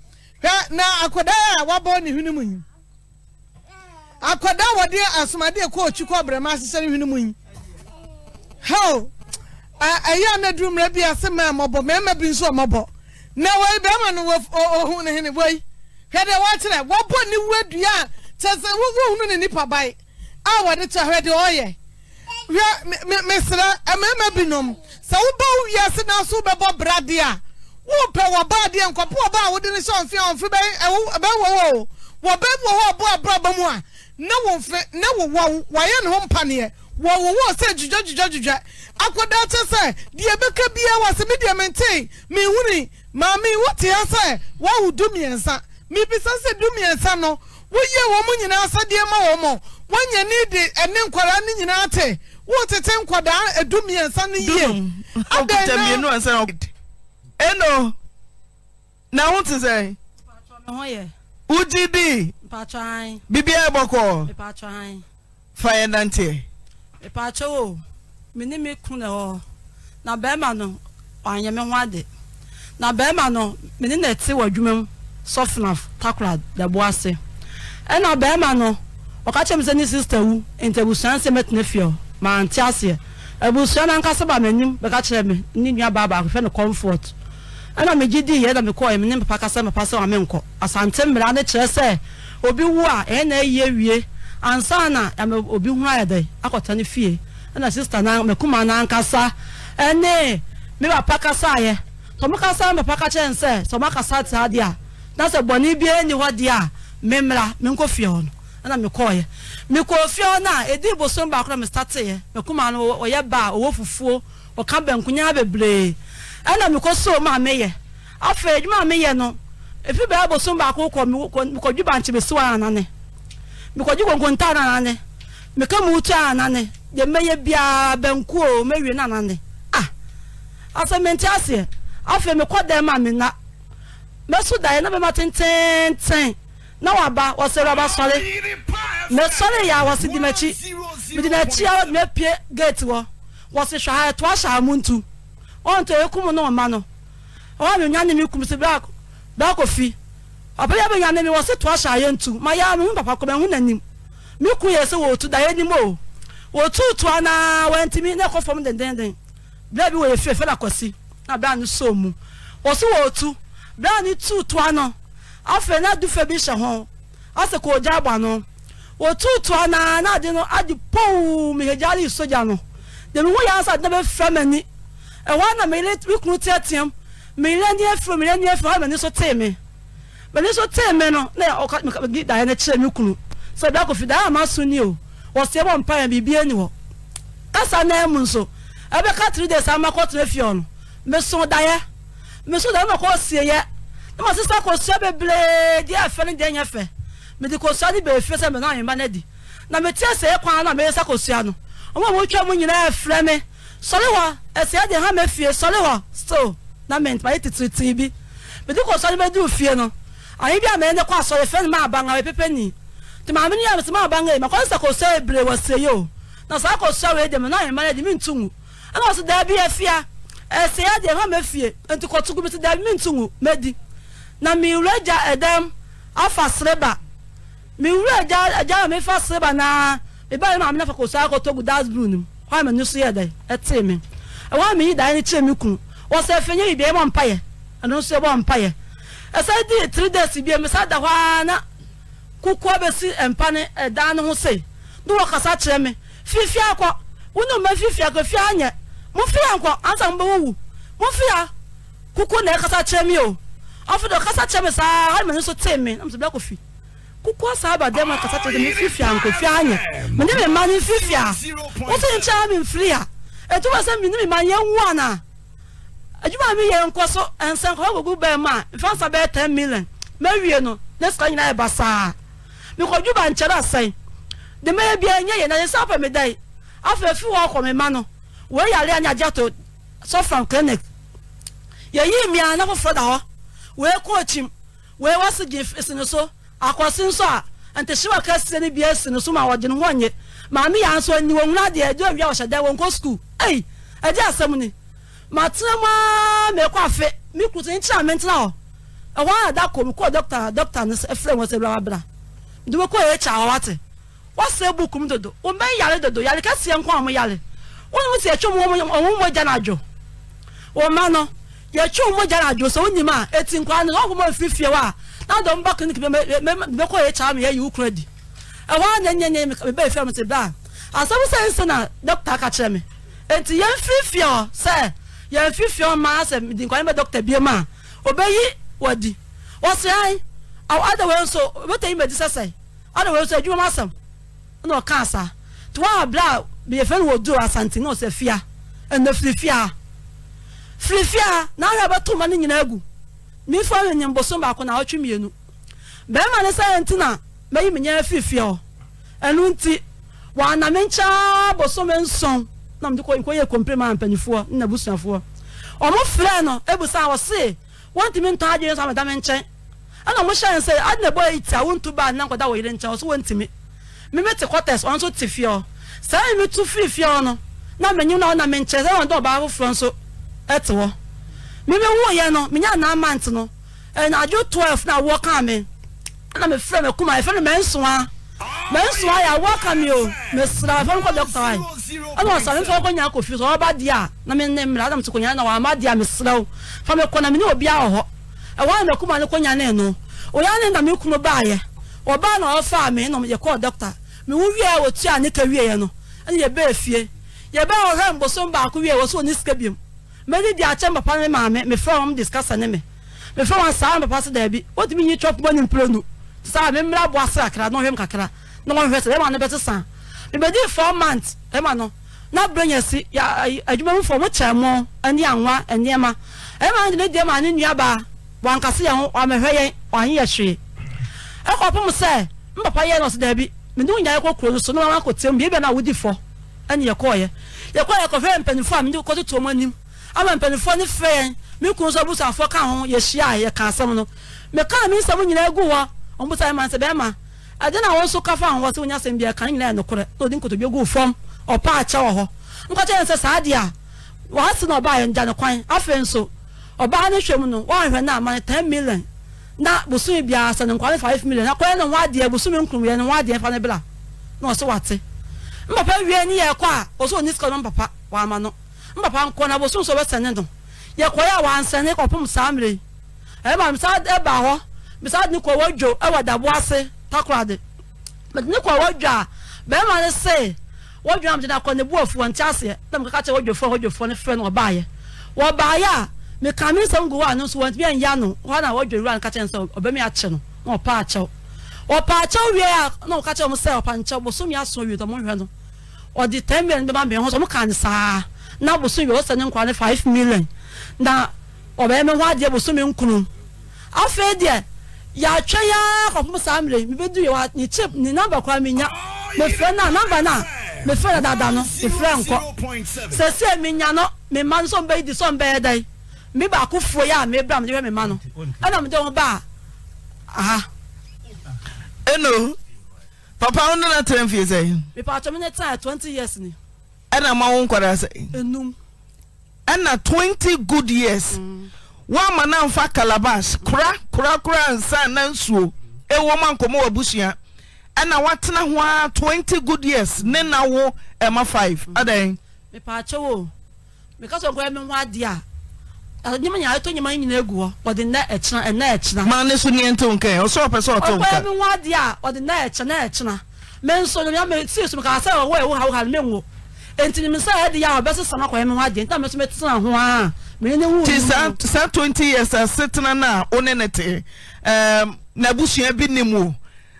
hwɛ na akwadaa a wabɔ ne hwene mu yi akwadaa wɔde asomadeɛ kɔ otwi kɔ brɛma ahyehyɛ ne hwene mu yi hɛw ɛyɛ na duru mmerɛ bi ase maa mɔbɔ mmarima bi nso ɔmɔbɔ na wɔyi bɛrima no wɔhu ne hene wɔyi. hwɛdeɛ wɔkyerɛ wɔbɔ ne wura dua a kyɛ sɛ wohunu ne nipa bae a wɔde kyɛ hwɛdeɛ ɔyɛ hwɛ mesrɛ mmarima binom sɛ wobɛ wo wiase na so wobɛbɔ bradeɛ a wopɛ wɔba adeɛ nkɔpo ɔba a wode ne hyɛ ɔmfe a ɔmfe bɛwɔ o wɔbɛmu hɔ ɔbɔ abrabɔ mu a na wɔmfe na wɔwɔ wɔyɛ ne ho mpaneɛ wɔwowɔ sɛ dwudwadwudwadwudwa akwadaa kyɛ sɛ deɛ bɛka biara wɔ sɛ me deɛ mente mehuni maame wote ha sɛ woawo du mmiɛnsa mebisa sɛ dumiɛnsa no woyie wɔn mu nyinaa asadeɛ ma wɔn wɔnyɛ ne de ɛne nkwadaa ne nyinaa te wotete nkwadaa edumiɛnsa no yie adan na ɛno na ho te sɛ wogye di bibia ɛbɔkɔ fa yɛ nanteɛ mpatsɛ o mene me ku na hɔ na ma no wanyɛ me ho ade na ma no mene na ɛte wɔ adwuma mu sɔfnaf takra dabo ase ɛna bɛrima no ɔka kyerɛ mi sɛ ne sista wu nti abusua e nsɛm ɛtena fie maa nte aseɛ abusua no ankasa ba m'anim bɛka kyerɛ mi ne nua baa baako fɛ no comfort ɛna megye dii yɛ na mekɔɔ ɛmi ne mpapa kasa mpapa sɛ wɔn nkɔ asante mmira ne kyerɛ sɛ obi wu a ɛyɛ e na ɛyɛ awie ansa na ɛmɛ e obi hu ayɛ dɛ akɔta ne fie ɛna sista na mɛkuma na ankasa ɛne me papa kasa ayɛ tɔmɔ kasa mpapa kakyɛ nsɛ tɔmɔ kasa te adeɛ na sɛ bɔne biara nni hɔ deɛ a memmra menkɔ fie hɔ no ɛna mekɔɔyɛ mekɔɔ fie hɔ no a ɛdi bosom baako na mestateeɛ mekoma no ɔyɛ ba a ɔwɔ fufuo ɔka bɛnkonyaa bebree ɛna mekɔ soo ma meyɛ afei adwuma a meyɛ no efi bɛɛ bosom baako kɔ mekɔdwi bankye besiwa anane mekɔdwi konkonta anane meka mu wutu anane deɛ mɛyɛ biara bɛnkuo mɛwie no anane a ah! asɛ mente aseɛ afei mekɔ dɛm a mena mɛso daeɛ na bɛma tententen na waba wɔsɛre aba sɔre mɛsɔre yɛ a wɔse di m'akyi dị n'akyi a mɛpie gate ntu no no me nyane me kum sɛ bɛakɔ fi ɔbɛyɛ bɛ nyane me wɔse toa hyɛ ayɛ ntu ma yɛ mehu papa kɔ n'anim me ku nim o na bi e na bẹẹ ni tuutua no afei na adufe bi hyɛ ho ɔsɛ kò gya agba no wotuutua naa n'ade no adi powu mihegyali soja no dèmi hu yà asa dèbè fẹ m'ani ɛwɔ e na mele mi kunu teatea mu mele ni efiri mele ni efiri ɔyɛ m'ani so tee mi m'ani so tee mi no na ɔka mi da yɛ n'ekyirɛ mi kunu sɛ bia kofi da yɛ ama so ni o wɔsi ɛbɔ mpa yɛ biribi ɛni e hɔ kasa na ɛmu e nso ɛbɛka tiri de sa ama kɔtun efi ɔno mesun da yɛ mesu da ma kɔ sie yɛ ne ma sisan kɔ sua bebree deɛ fɛ ne deɛ nyɛ fɛ mɛ ne bɛɛ fɛ sɛ mɛ n'anw ne di na mɛ tiɛ sɛ kwan na mɛ yɛ sɛ kɔ sua no wɔn a wɔtwa mu nyinaa e filɛ mi sɔre wa ɛsɛ de hã mɛ fie sɔre wa so na mɛ ntoma yɛ titiri bi mɛ de kɔ sɔre di o fie no ayi bi a mɛ ne kɔ asɔre fɛn ma ban awɛ pepe ni te maame ni yɛ mɛ sɛ ma ban awɛ mɛ kɔ sɛ kɔ sua bebree na saa di mi ntu mu ɛna e e fia ɛsɛ yɛ deɛ hɔn mɛfie nti kɔtugu mi ti dɛ mi ntungu mɛdi na mi wura gya ɛdɛm afa sreba mi wura gya gya mi fa sreba naa mi ba yɛ maame nafa kosa akɔtɔ gu dasbun mu hɔn mi nusu yɛ dɛ ɛtee mi ɛwɔn mi yi dan ne kyerɛ mi kunu wɔsɛ efinyɛ yi bia ɛbɔ mpa yɛ ɛno nso ɛbɔ mpa yɛ ɛsɛ di three days bia mi sa da hɔ ara na kukuo besi mpa ne ɛdan ne ho se ne wɔ kasa kyerɛ mi fifi akɔ wɔn na ɔmo fifi akɔ fi mufiri wa nkɔ ansa mbɛ wowu mufiri a kuku na ɛkasa kyerɛ mi o afɔ dɛ ɔkasa kyerɛ mi saa hali mɛni so tee mi namuso bila kofi kuku asa aba dɛm na kasa kyerɛ e, e, mi fifi a nkɔ fi anya mɛ ne mi ma ni fifi a wosi ni kyerɛ mi nfiri a etu wa sɛ mi ne mi ma yɛ nwu ana adwuma mi yɛ nkɔ so nsɛn kɔ gugu bɛɛ ma nfa nsa bɛɛ ten million mɛ wie no ne sika nyinaa yɛ e basaa mikɔ dwuma nkyɛn asɛn dɛmɛ yɛ bia nye yɛ na yɛ sɛ apɛ mi da yi afɛ fi wɔ ɔkɔ mi ma no. wɔyare a your agya to sɔfam clinic yɛyi mmea na I da hɔ wei Where akyim him. wɔ se gye si ne so akɔse nso a ntɛhyewa kɛseɛ no bia si ne so ma wɔgye ne ho nye maame yɛ nso ani wɔn nwura deɛ ɛdi owia wɔhyɛ dɛ wɔn kɔ sukuu ɛyi ɛdi asɛm ni ma tena mu aa ma ɛkɔ afe mi kutu nkyɛn a mi Doctor, hɔ ɛwɔ a da kɔ mi kɔ dɔkta dɔkta ne ɛfrɛ wɔn sɛ ɛbɛrɛ abira de wɔkɔ ɛyɛ kyɛ awɔ ate wɔsɛ buku mu dodo wɔn bɛ yare dodo yare kɛseɛ nko a wɔn yare wọ́n ti ẹ̀twọ́n mu ọ̀hún mọ́jà n'adwo wọ́n mma no yɛtwọ́n mọ́jà n'adwo sọ wọ́n nyim a eti nkwa ne ɔkọ̀ mọ́ nfifie wa náà dɔm ba clinic mɛkɔ yɛ kyerɛ mi yɛ yi wukura di ɛhɔ anya nye nye mɛbɛ efi mi ti bra asɛm sɛ nse na dɔkita aka kyerɛ mi eti yɛn fifie ɔ sɛ yɛn fifie ɔ maa sɛ di nkwa ne bɛ dɔkita bie mu a obeyi wɔdi wɔsi ayi ada wɔn nso obetɛ yi mɛ di sɛsɛ ada wɔn nso adwuma ma asɛm ɛna ɔka asa to yɛfɛ no wɔduro asante na ɔsɛ fia ɛnna fia, firifia n'ahɛ bɛtɔ ma ne nyinaa gu mifo ayɛ nyimbosom baako na ɔtwe mmienu bɛrima ne sɛ nti na mɛyi mi nyɛ firifia hɔ ɛnu nti wɔaname nkyɛn bosom nson na mo de kɔ nkɔ yɛ kɔmpire mpanyinfoɔ ne na busuafoɔ wɔn firɛ no ebusa wɔse wɔn ti mi ntɔ adi yɛn so amadame nkyɛn ɛna wɔn hyɛn sɛ adi na bɔ eyi ti a wɔn tu baa ne nankɔda wɔ yɛrɛ nkyɛn ɔso wɔn saa emi tu firi fie hɔ no na menyim na ɔna menkyɛ sɛ wɔn dɛ ɔbaa foforɔ nso ɛte e hɔ mimi wu yɛ no menya nan mant no ɛna e adwo twelve na awɔ kaa mi ɛna mi fira mi kuma efɛ no mɛ nsoa mɛ nsoa yɛ awɔ ka mi o mɛ sira efɛ no kɔ dɔkita wa yi e ɛna ɔsare nso ɔkɔ nyaa kɔ fi so ɔba di a na mi ne mira ɛna mi ti kɔ nyaa na wa ama di a mi sira o fa mi kɔ na mi ne obi a wɔ hɔ ɛwɔ na mi kuma ne kɔ nyaa ne no oyaa ne na mi kunu baa yɛ ɔbaa mi na mi wu wie a wotu ɛna yɛ bɛɛ fie yɛ bɛɛ ɔhɛ mbosom baako wie wɔsɔ ne sika biom mɛdi di akyɛn papa ne maame mefra wɔn diskasa ne me mefra wɔn saa papa so daabi wotumi nyi twɛ pɔmɔ ne mpironu saa memra bo ase kakra na ɔhwɛ mu kakra na wɔhwɛ sɛ ɛma no bɛte saa mebɛdi four months ɛma no na abirɛ nya si yɛ adwuma mu fɔ mo kyɛn mo ɛne anwa nneɛma ɛma no ne deɛ ma ne nua baa wankase yɛn ho wamɛhwɛ yɛn wanyɛ hwee ɛkɔ pɔm sɛ mpapa yɛ no so daabi mene wo nyaeɛ kɔ kuro no so na mama akɔtea mu biabia no a wodi fɔ ɛne yɛkɔɔyɛ yɛkɔɔ yɛkɔfɛ mpanifoɔ a mede kɔtotoɔ mu anim ama mpanifoɔ ne frɛ yɛn me kunu so abusuafoɔ ka ho yɛhyia yɛka asɛm no mekaa me nsɛm nyinaa gu hɔ ɔmbusa ma sɛ bɛɛma ɛde na wɔn so ka fa ahoɔ sɛ wonya asɛm biaa ka ne nyinaa yɛ nokorɛ na ɔde nkotodwe gu fam ɔpa akyɛ wɔ hɔ nkɔkyɛ yɛn sɛ saa deɛ a wɔase na ɔbaa yɛn gya ne kwan afei nso ɔbaa ne hwɛ mu no wɔahwɛ no ama ne ten million na bosome biara sɛ nkwale five million akɔyɛ ne ho adeɛ bosome fa na ɔsɛ wate mpapa wie ni yɛ a oni mpapa wama no mpapa nkɔ na bosome nso bɛsɛne no yɛ a wansɛne kɔpem saa mmerɛ yi ɛma misa ɛba hɔ misa kɔ ɛwɔ dabo ase takora de kɔ a bɛrima se na mɛte na kɔ ne bu wɔn na kyɛ fo fo ne mi me nsɛm gu hɔ a no nso wɔntumi ɛnya no hɔ na wɔdwe nwura no ka kyɛn sɛ ɔbɛmi no na ɔpa akyɛw ɔpa akyɛw wie a na ɔka kyɛw mo sɛ ɔpa nkyɛw bosomi aso wie dɔm hwɛ no ɔde ten million bɛma mɛ ho sɛ ɔmo ka ne saa na bosomi wie ɔsɛ ne nkwa ne five million na ɔbɛyɛ mi ho adeɛ bosomi nkunu afei deɛ yàtwɛ yá kɔpɔm saa mìíràn mi bɛ du yɛ wa ni chip ni namba kora mi nya mefrɛ na namba na mefrɛ na dada no mefrɛ nkɔ sɛsɛ mi nya no mi ma no sɔn bɛyi di sɔn bɛyɛ dɛ mi baako fuo yi a mi bram mi de bɛ mi ma no ɛna mi de wɔn ba aha. ɛnu papa ahu nana tẹn fie sɛ. mipa atwa mi ne tẹn twenty years ni. ɛna ma wo nkɔda sɛ. enum. ɛna twenty good years. Mm. wɔn ama na nfa calabash kura kura kura nsa na nsuo ɛwɔ ma nkɔmɔ wɔ busua ɛna watena ho ara twenty good years ne na wo ɛma five ɛdɛn. Mm. mipa atwa wo mikasa nkɔyɛ mi ho adeɛ a. ama ne so ne to o k sɛpɛsɛ tesaa 20 years asetena noa wone no te nabusua bi nim wo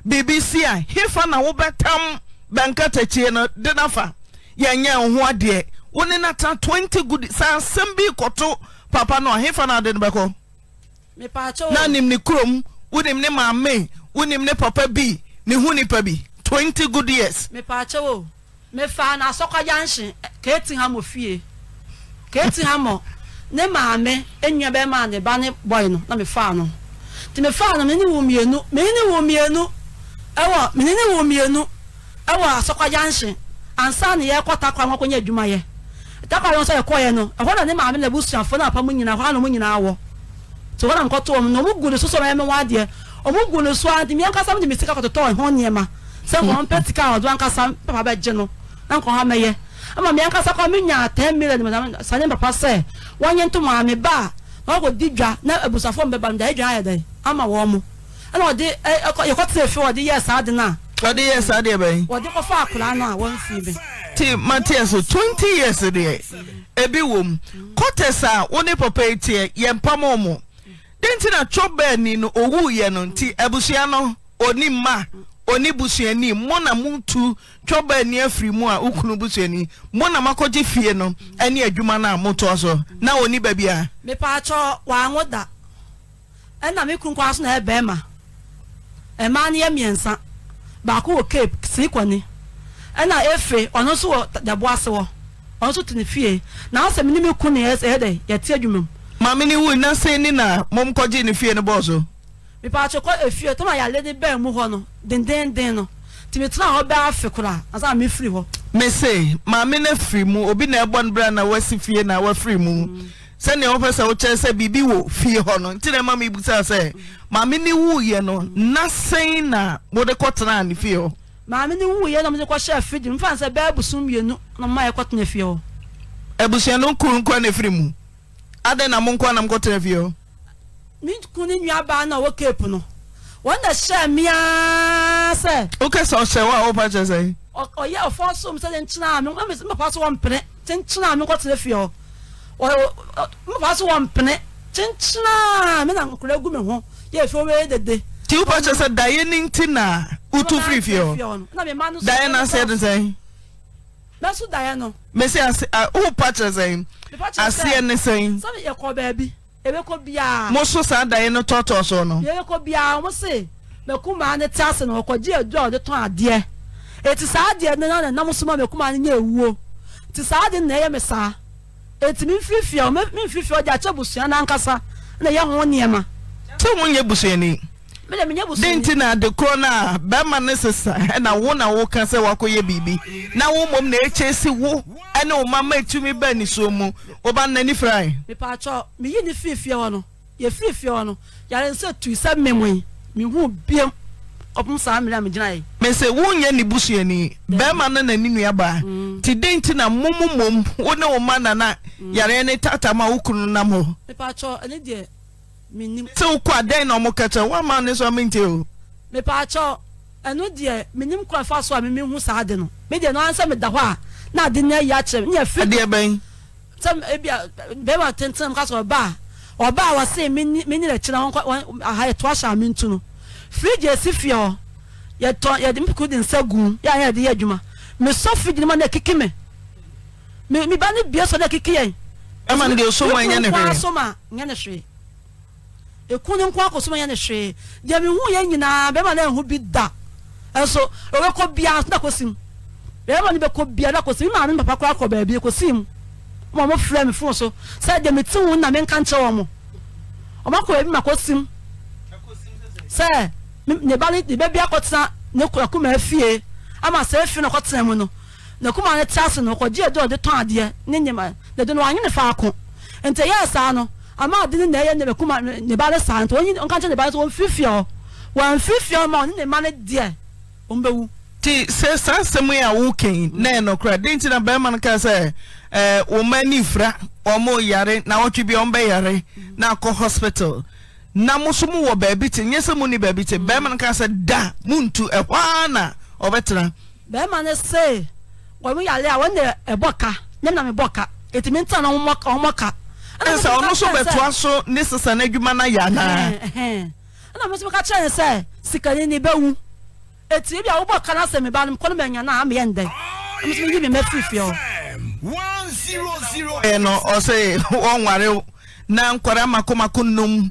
birbi sie a hefa na wobɛtam bɛnkatakyi no denafa yɛanyɛ ho adeɛ wone no tena 20 goodsa asɛm bi kɔto papa no ɔhefa no ade no bɛkɔ na nim ne kurom wonim ne maame wonim ne bi ne nipa bi 20 good years mefaa na asɔkɔgya nhye eh, ka ha mɔ fie ka ha mɔ ne maame enua bɛrima ne ba ne bɔi na mefaa no no mene wo mmienu mene ne wo mmienu ɛwɔ mene ne wo mmienu ɛwɔ asɔkɔgya nhye ansa ne adwumayɛ dapa yɛn nso yɛ kɔɛ no ɛhɔ na ne maame na ebusuafo na apam nyinaa hɔ na ɔmo nyinaa wɔ te hɔ na nkɔtɔ wɔn na ɔmo gu ne so sɔrɔ ɛmɛ wɔ adeɛ ɔmo gu ne so adi mìíràn kasa mi de mi sika kɔtɔtɔ ɛhɔ nneɛma sɛ nkɔn pɛ sika a ɔdo ankasa papa bɛ gye no na nkɔn ha mɛyɛ ama mìíràn kasa kɔ mi nya ten million mɛ sani papa sɛ wɔnyɛ nto maame ba na ɔkɔ di dwa na ebusuafo mbɛba no da edwa ayɛ dɛ ama wɔn mo ɛna ɔde ɛkɔ yɛkɔ tẹ efi ɔde yɛ saa adi naa wɔde yɛ saa deɛ bɛyi. wɔde kɔfa akwadaa no a wɔnfi bi. ti mate so twenty years deɛ ebi wɔ mu kɔtɛs a wɔne papa yi teɛ yɛ mpam ɔmo denti na twɔbɛɛni no owu yɛ no nti abusua no oni mma oni busuani mo na mo tu twɔbɛɛni afiri mu a okunu busuani mo na makɔgye fie no ɛne adwuma no a mo so na oni baabi a. mipaatsɔ wàhùn da ɛnna mi kunkun aso na ɛbɛɛma ɛmaa no yɛ mmiɛnsa. baako wɔ cape sii kɔni ɛna efe ɔno nso wɔ dabo ase wɔ ɔno nso tene fie na asɛm ne mi ku ne ɛsɛ ɛdɛ yɛte adwuma mu. maame ni wu na se ni na mo n kɔgye ne fie ne bɔɔso. mipaatso kɔ efie tɔmɔ yàrá de bɛn mu hɔ no dendenden no tìmí tena hɔ bɛɛ afe kora asan mi firi hɔ. mese maame ne firi mu obi na ɛbɔ ne bra na wasi fie na wafiri mu. Mm. sɛnea wopɛ sɛ wokyɛ sɛ biribi wɔ fie hɔ no nti nɛ ma mbusaa sɛ ma mene wu yɛ no na sɛn na mode kɔtena ne fie ɔabusuano kur ka ne firi mun namo nka na mkɔtea fie wokɛ sɛ ɔyɛ wɔ wɔpa akyɛ sɛ ɔfa so wɔ mpene kyenkyena mena nkora gu me ho yɛ fie wɔyɛ dede nti wopɛ kyerɛ sɛ daeɛ ne nti na wotu firi fie hɔ daeɛ no aseɛ ne sɛn mɛso daeɛ no mɛsi ase wopa kyerɛ sɛn aseɛ ne sɛn sɛ yɛkɔ baabi ebɛkɔ biaa moso saa daeɛ no tɔtɔ so no yɛbɛkɔ biaa mo se mɛkumaa ne te ase na ɔkɔgye adua ɔde tɔn adeɛ ɛti saa adeɛ no na ne nam so ma mɛkumaa no nyɛ ewuo ti saa adeɛ no na ɛyɛ me saa etimi mfirifie ọ mfirifie ọ dị akyɛ busua n'ankasa na yɛ ho nneɛma. sɛ wonyɛ na ade korɔ no a bɛrima ne sesa ɛna wo na woka sɛ na wo na ɛkyɛ si wo ne wo mama atumi baa nisuo mu woba nna ni frae mepaatwɔ meyi ne firifie hɔ no yɛfirifie hɔ no ɔpon saa mmiri a mi gyina yi. mese wonye ne busuani bɛrima no n'ani nua baa te den ti na mumumum wo ne wo ma nana yare ne tata ma wo kunu nam hɔ. mipaatɔ ɛne deɛ mi nim. tí o kɔ adan na ɔmo kɛtɛ wọn ma ne sɔ mi n te o. mipaatɔ ɛno deɛ mi nim kɔ ɛfa so a mi mi hu saa de no mi deɛ n'ansɛ mi da hɔ a na ade ne yɛ akyerɛ mi n yɛ fi. adeɛ bɛn. sɛ ebi bɛrima tenten mu kasɔ ɔbaa ɔbaa wɔsi mi nyina kyerɛ wɔn aha yɛ to ahyɛ ami ntu firiji esi fie hɔ yɛtɔ yɛde mpuku de nsa gum yɛ ayɛ de yɛ adwuma mesɔ firiji ne ma na ekeke me me me ba ne bie sɔ na ekeke yɛn. ɛma ne deɛ osom a nyɛ ne hwee ekun asom a nyɛ ne hwee ekun ne nko akosom a nyɛ ne hwee deɛ mi hu yɛ nyinaa bɛrima na ehu bi da ɛnso ɔbɛ kɔ bia na kɔ sim bɛrima ne bɛ kɔ bia na kɔ sim mi maame papa kɔ akɔ baabi kɔ sim mo ɔmo mi fon so sɛ deɛ mi ti hu na mi nka nkyɛn wɔn mo ɔmo akɔ baabi ma kɔ sim sɛ ne ba ne ne bɛ bi akɔtena ne kuma efie ama sɛ efie na ɔkɔtena mu no ne kuma ne ti ase no ɔkɔgye ɛdi ɔde tɔn adeɛ ne nyɛma ne de no wanyi ne faako nti ɛyɛ saa no ama adi ne na ɛyɛ ne kuma ne ba ne saa nti wɔnyi nka nkyɛn ne ba ne sɛ wɔn fifia hɔ wɔn fifia hɔ ma ɔne ne ma ne deɛ wɔn bɛ wu. ti sɛ saa asɛm yi a wokan mm. na ɛnɔ kora de nti na bɛrima no ka sɛ ɛɛ wɔn ani fira wɔn yare na wɔtwe bi wɔn bɛ yare mm. na akɔ hospital na mo mu wɔ baabi te nyɛ mu ni baabi te bɛrima no ka sɛ da muntu ɛhɔ na ɔbɛtena. bɛrima no se wɔn yale a wɔn de ɛbɔ ka nyɛ na mi bɔ ka etimi nta na wɔn ka. ɛsɛ ɔno so bɛtoa so ne sisan n'adwuma na yɛ anaa. ɛna mo so ka kyerɛ ne sɛ sikani ni bɛwu etiri bi a wɔbɔ ka na sɛ mi ba no kɔn bɛ nya na ama yɛ ndɛ ɛmo so yi mi mɛ fifi o. one zero zero. ɛnɔ ɔsɛ wɔn ware na nkɔla makomako num.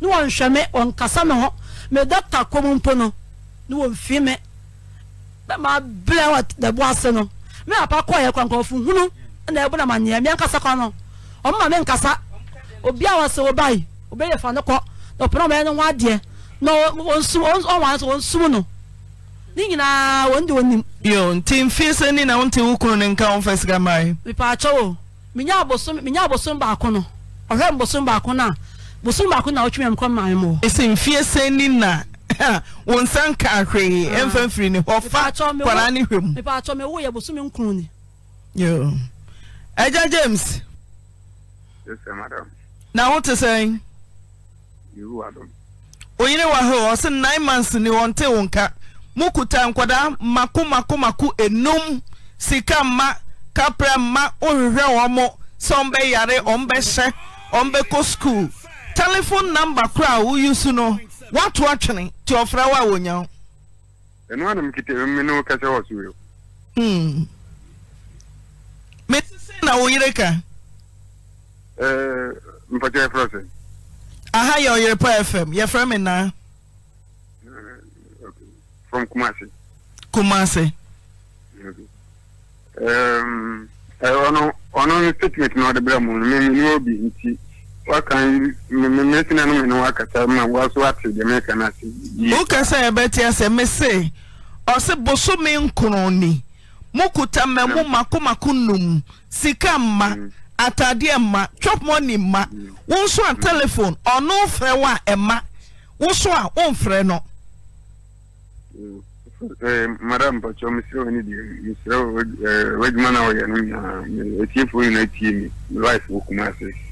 ne wɔnhwɛ me wɔnkasa me ho me dɔkta kɔm mpo no ne wɔmfi me bɛma berɛ wɔ ase no me apa kɔɔyɛ kwankɔfo hunu na ɛbo na manyeɛ meɛ nkasa kɔ no ɔmoma me nkasa obi a wɔsɛ fa na ɔpɛ na ho na no ne nyinaa wɔn de yo nti ni na ti nka wɔn fɛ yi. mipa akyɛw o abosom abosom baako bosom baako na ɔtwe mkɔ maa mu. esi nfie sɛ ni na wɔn nsa nka ahwee ah. ɛnfɛn firi ni hɔ fa kwaraa ni hwɛ mu. mipa atɔ mi wo yɛ bosom nkuru ni. yoo james. yes madam. na ho te sɛn. yiwu adum. onyini wa hɔ ɔsi nine months ni wɔn te wɔn ka mu kuta nkwadaa mako mako mako enum sika mma kapra mma ohwehwɛ wɔn mo sɛ ɔn bɛ yare ɔn bɛ hyɛ ɔn bɛ kɔ sukuu telephone number koraa woyi so no wato atwene nti ɔfra wo a wonya wo ɛno ana mkita me ne wokasɛ wɔ so yo hmm. mete sɛ na wo yere ka mpakyɛ yɛfrɛ sɛ aha yɛ ɔyere pa fm yɛfrɛ me naa from kumase kumase ɔno ɔno statement na ɔde brɛ mu no me ne obi wakan mmesina no mene wakasa ma waso ate deɛ meka no ase wokasa yɛbɛte asɛ mese ɔse bosome nkoroni mokuta ma mu makomako num sika mma atadeɛ mma chop money mma wo nso a telephone ɔno mfrɛ wo a ɛma wo so a womfrɛ no madam mpakyɛ mesrɛ w'ani deɛ mesrɛ w'adwuma no a wɔyɛ no nyinaa atiefoɔ nyinaa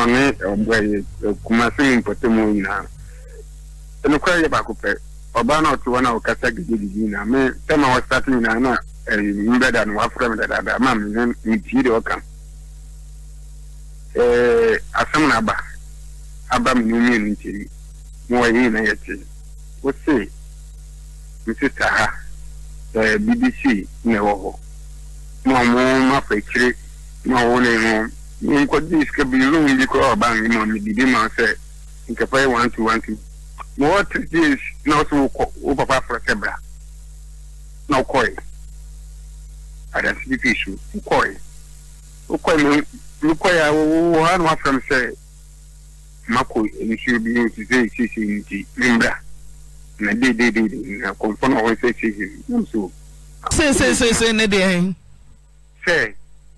ɔne ɔbɔ yɛ kumase mu mpɔtɛmu nyinaa ɛnokora yɛ baako pɛ ɔbaa na ɔte na ɔkasa gidigidi nyinaa tɛma nyinaa na mbɛda no wafrɛ me dadaada eh, ma mene metie deɛ ɔka eh, asɛm na aba aba me nomienu na wɔyɛ nyina yɛte wo se mesista ha Ee eh, BBC na ɛwɔ hɔ na ɔmo mafa akyire nkɔgye sika bi loan bi koraa ɔbaa ne ma medidi ma sɛ nkɛfa yɛ one two one two ma wɔ three days na ɔsɛ wokɔ wo papa afrɛ sɛ bra na wokɔe adanse bi fii so wokɔe wokɔe ma mekɔe a wɔ ha na wafrɛ m sɛ makɔ nsuo bi ne ɔsi sɛ ɛsiesei nti membra na dedeedede na kɔmfɔ no ɔwɔ sɛ ɛsiesei nam so sɛsɛsɛsɛ ne deɛ sɛ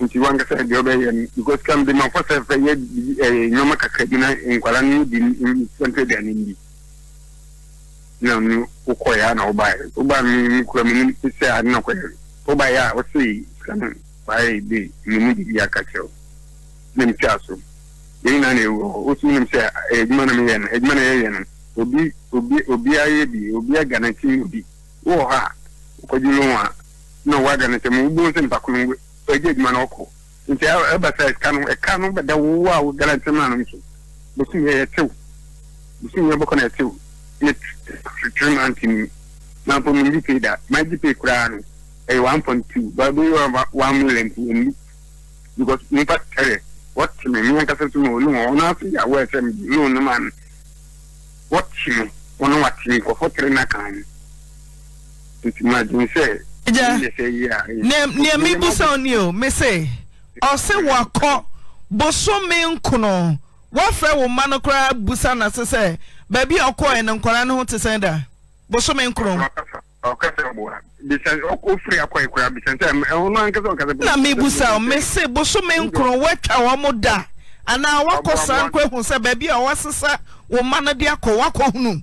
nti wankasa deɛ ɔbɛyɛ no because kam de ma fɔsɛ fɛ yɛ nneɛma kakra bi na nkwara no di nsɛnte da ne bi na mu wokɔ yɛ na wobaɛ woba me kura mu no sɛ ade na kɔyɛ wobaɛ a wɔse sika no baayɛ de memu biribi aka kyerɛw na metwa so yɛn nyinaa na ɛwu hɔ wosum nim sɛ adwuma no meyɛ no adwuma no yɛyɛ no obi obi obiaa yɛ bi obiaa gana kyim obi wowɔ hɔ a wokɔdwuma ho a na wɔaga no sɛ ma wobɛhu sɛ nipa ɛgye adwuma no ɔkɔ nti ɛba sɛ ɛka no ɛka no bɛda wo a wo gara ntɛm no nso bosom yɛtew bosom bɔkɔ na yɛtew ne na ntim na mpo mmom gpe da ma gpe koraa no ɛyɛ one point two ba bi yɛ one million nti ɛmu because nipa wɔte me mi ankasa so ma olu wɔn ɔno aso yɛ awɔ no ma no wɔte me na nti ya nea mebusa wo ni o me se ɔse wakɔ bosome nkono wɔfrɛ wo koraa busa na se sɛ baabi a ɔkɔɛ e, no nkwaraa no ho te sɛn da bosome nkono e eh, na mebusa o me se bosome nkono woatwa wɔ mo da anaa woakɔ saa nkɔ ahu e sɛ baabi a wɔsesa wo no de akɔ woakɔ hunu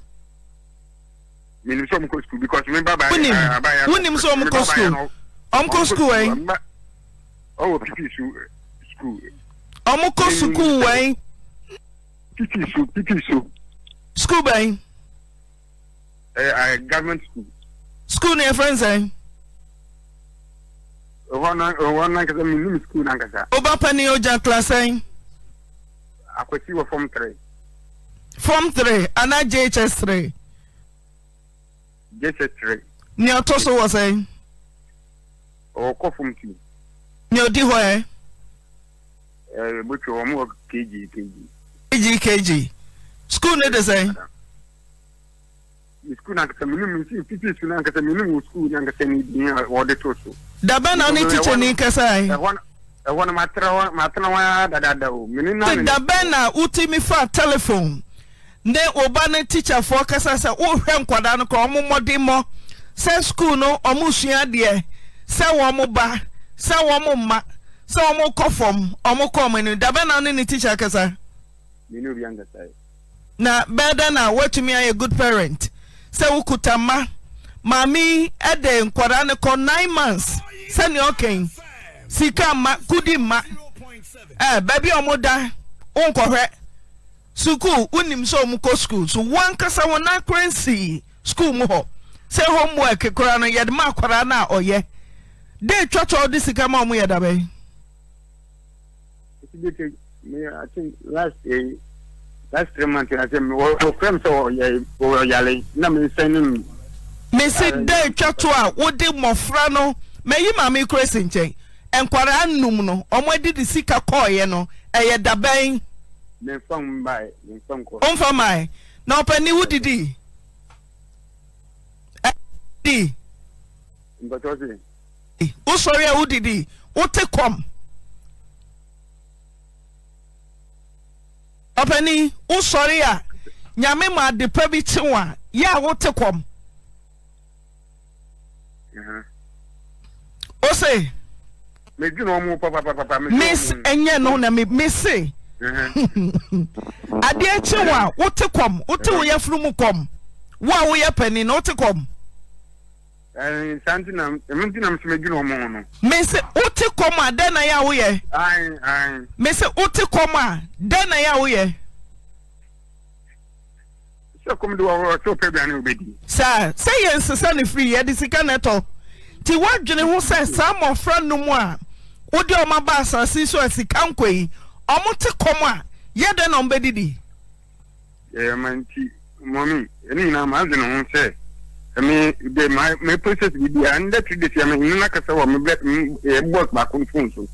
minim sɛ ɔmkɔ skul because me babawonim eh, sɛ ɔmkɔ skul ɔmkɔ skul ɛn ɔwɔ pipi su skul ɔmkɔ sukuu ɛn pipi su pipi su skul bɛn ɛɛ eh, eh, government school skul ne yɛfrɛ nsɛn wọn nankasa mi nim skul nankasa. ọba panyin ọjà kilasẹn. akwasi wọ fọm tiri. fọm tiri ana jhs tiri gyesɛtrɛ nea ɔtɔ so wɔ sɛn ɔkɔ fam ti nea ɔdi hɔ ɛ ɛɛ motwe wɔn wɔ kg kg kg kg skul ne de sɛn skul nankasa minnu mi titi skul nankasa minnu mi skul nankasa ni bi wɔde to so daba na ne titi ni kasa yi ɛwɔ no matena hɔ a dadaada o mene daba na wotumi fa telephone ne woba no tikyafoɔ kasa sɛ wohwɛ nkwadaa no ka ɔmommɔde mmɔ sɛ skuul nụ ɔmosua deɛ sɛ wɔ mo ba sɛ wɔ mo mma sɛ ɔmokɔ fam ɔmokɔ mani dabɛna no ne tikya kasa na bɛɛdɛ na woatumi ayɛ good parent sɛ wokuta mma maame ɛde nkwadaa no kɔ nine months sɛnea ɔkɛn sika mma kudi mma ɛɛ baabi a ɔmo da wonkɔhwɛ sukuu wonim sɛ ɔm kɔ sukuu so wɔnkasa wɔ n'akora nsii sukuu mu hɔ sɛ homework koraa no yɛde ma akwaraa no a ɔyɛ dɛ twatwa ɔde sika ma ɔmo yɛ dabɛn mesi dɛ twato a wode mmɔfra no mayi maame kora si nkyɛn nkwaraa nnum no ɔmo adi de sika kɔɔeɛ no ɛyɛ ɔmfa mmae na ɔpani wo didi di wosɔre a wodidi wote kɔm ɔpani wosɔre a nyame ma adepa bi kye wo a yɛ a wote kɔm ose mes ɛnyɛ no na mese adeɛ akyi wo wote kɔm wote wo yɛfuru mu kɔm wo a woyɛ pani na wote kɔm mese wote kɔm a dɛn na yɛ a woyɛ mese wote kɔm a dɛn na yɛ a woyɛ Sa sɛ yɛ nsesa no firi yɛde sika na ɛtɔ nti woadwene ho sɛ saa mmɔfra no mu a wode ɔma ba asase so a sika nkɔ yi ɔmo te kɔm a yɛ dɛ na ɔmo bɛdidi. yɛyɛ ma nti mɔmi ɛni nyinaa maa zi ne ho sɛ ɛmi de maa mɛ process bi bi a ndɛ tiri de si ɛmi nina kasa wɔ mi bɛ mi ɛɛ bɔs baako fon so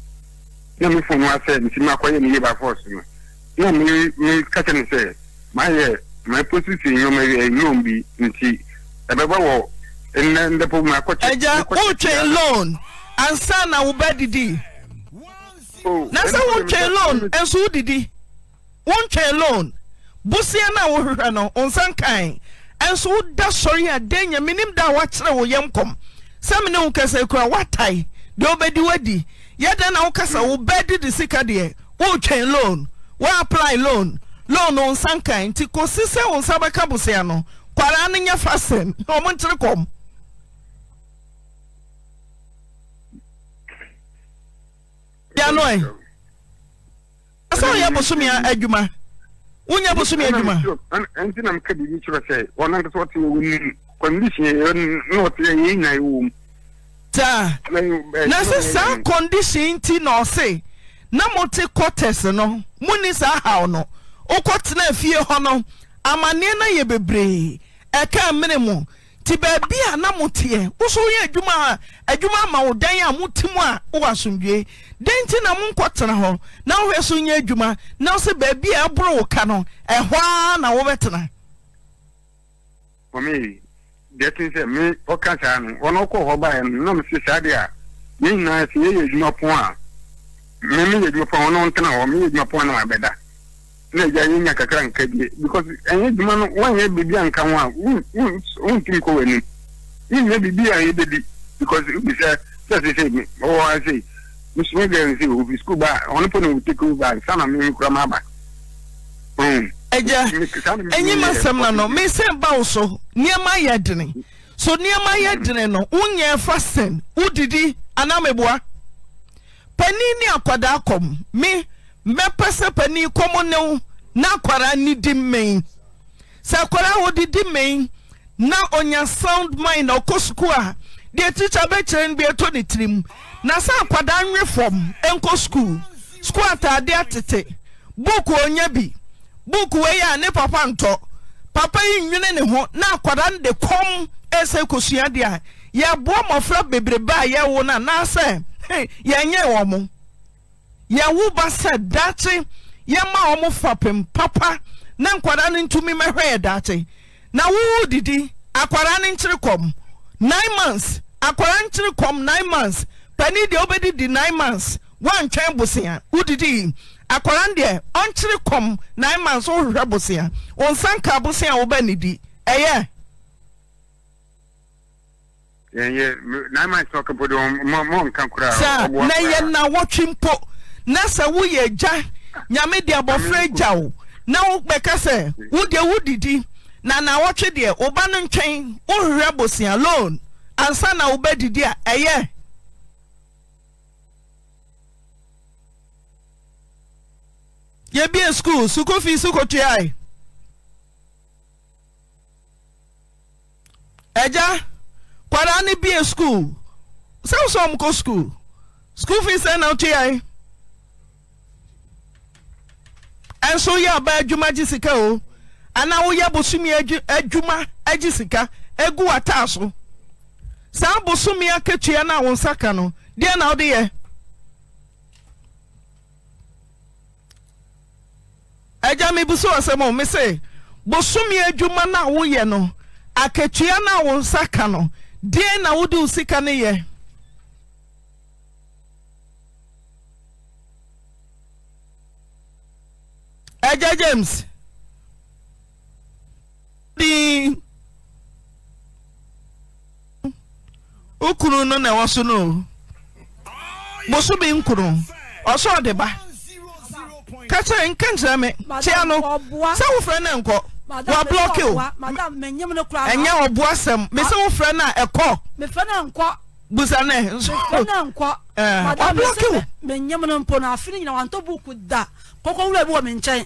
na mi fon wa sɛ nsi mi akɔyɛ mi yɛ ba fɔs no na mi mi kasa ne sɛ maa yɛ maa process yi nyɔma yɛ nyɔm bi nti ɛbɛba e wɔ ɛnɛ e, ndɛ po mu akɔkyɛ. ɛgya o twɛn loan ansa na o didi. Oh, na sɛ wontwɛn loan ɛnso wo didi wontwɛn loan bosea no a wohwehwɛ no wo nsan kae ɛnso woda sɔre a da nyamenim da a woakyerɛ wo yɛm kɔm sɛme ne wo kɛsɛ koa woae deɛ obdi wad yɛdɛn na woka sa wo bɛde de sika deɛ woretwɛ loan wo apply loan loanno wo nsanka nti kosi sɛ wo nsa bɛka bosea no kwara no nyɛ fa sɛn ɔmonkyerekɔm yanu ɛ asan yɛ bosomi adwuma wonyɛ bosomi adwuma. ɛnti na mka biribi kyerɛ sɛ ɔno nkasa ɔte wɔ nim condition yɛ na ɔte yɛ yɛ nyinaa wɔ mu. taa na eh, sɛ saa condition ti na ɔse na mo te kɔtɛs no mo ni saa haw no okɔ tena fie hɔ no amaneɛ na yɛ bebree ɛka mmiri mu. nti baabi a na teɛ woso yɛ adwuma a adwuma ama wo dan a mote mu a wowɔ asomdwee den nti na monkɔtena hɔ na wohwɛ so nyɛ adwuma na wo sɛ baabi a ɛboro wo ka no ɛhɔ a na wobɛtena mami deɛ tin sɛ me ɔka saa no ɔno ɔkɔ hɔ baeɛ no na mese saa deɛ a yɛn nyinaa sɛ yɛyɛ adwuma pɔn a me meyɛ adwuma pɔn ɔno ntena hɔ meyɛ adwuma pɔn na mabɛda na-eji anyị nya kakra nke bi bikos anyị dị mmanụ nwaanyị ebibi a nka nwa wuntu nke wenu n'ihi ebibi ya ebebi bikos ubisa sese ọwọ ase musulmi gẹrẹ nse obi skul ba ọ̀nà pọ̀ na obi teke obi ba sanna mi nkura ma ba. ẹja ẹyin ma sẹm na nọ mi sẹ ba o so nneema yẹ dini so nneema yẹ dini no n yẹ fa sẹn udidi anamibua panyin ni akwadaa kọm mi. mɛpɛ sɛ pani kɔm ne wo na akwara ne di mmɛn sɛ akwara di mmɛn na ɔnya sound mind na ɔkɔ sukuu a deɛ tikya bɛkyerɛ no bi ɛtɔ ne tirim na sɛ akwadaa nwe fam nkɔ sukuu sukuu ataade atete buuku onya bi buuku wei a ne papa ntɔ papa yi nwene ne ho na akwadaa no de kɔm ɛsɛ kosua deɛ a yɛboa mmɔfra bebrebe a yɛwo na anaasɛ yɛnyɛ wɔn mo yɛ wo ba sɛ daakye yɛma ɔmo fapem papa na nkwara no ntumi mɛhwɛ yɛ dakye na wowo didi akwara ne nkyere kɔm mns akaran nkyere kɔm inmns pani deɛ wobɛdi di inmns woantwɛn bosawodkaan deɛ ɔnkyere kɔm mns owɛ boseaoskbsna yɛ nawɔtwempo na sɛ woyɛ gya nyame de abɔfra gya wo na wobɛka sɛ wodeɛ wodidi na nawɔtwe deɛ woba no ntwɛn wohwerɛ bosea loan ansa na wobɛdidi a ɛyɛ yɛbie skuul suku fii so kotuae agya kwaraa ne bie skuul sɛ wosɛ ɔmkɔ fi sɛ na wotuae ɛnso woyɛ aba adwuma gye sika o anaa woyɛ bosomeɛ adwuma agyi sika agu wataa so saa bosome akatua na a wo nsa ka no deɛ na wode yɛ agya mebu so wa sɛmme sɛ bosome adwuma na woyɛ no akatua na awo nsa ka no deɛ na wode wo sika no yɛ ẹ jẹ́ James di ukunu no na ɛwɔ so no bosomi nkunu ɔsɔ ɔde ba kẹsẹ nkẹnkyerẹ mi kyea no sẹ wo fẹ ne nkọ wa blọki o ẹnyẹ ọbu asẹm mi sẹ wo fẹ na ẹkọ busa ne nso wa blọki o. mẹ nyẹmu eh. ne mpo na afiri nyina wa n tó buku da kókó wúlò ebi wọ mi nkyẹn.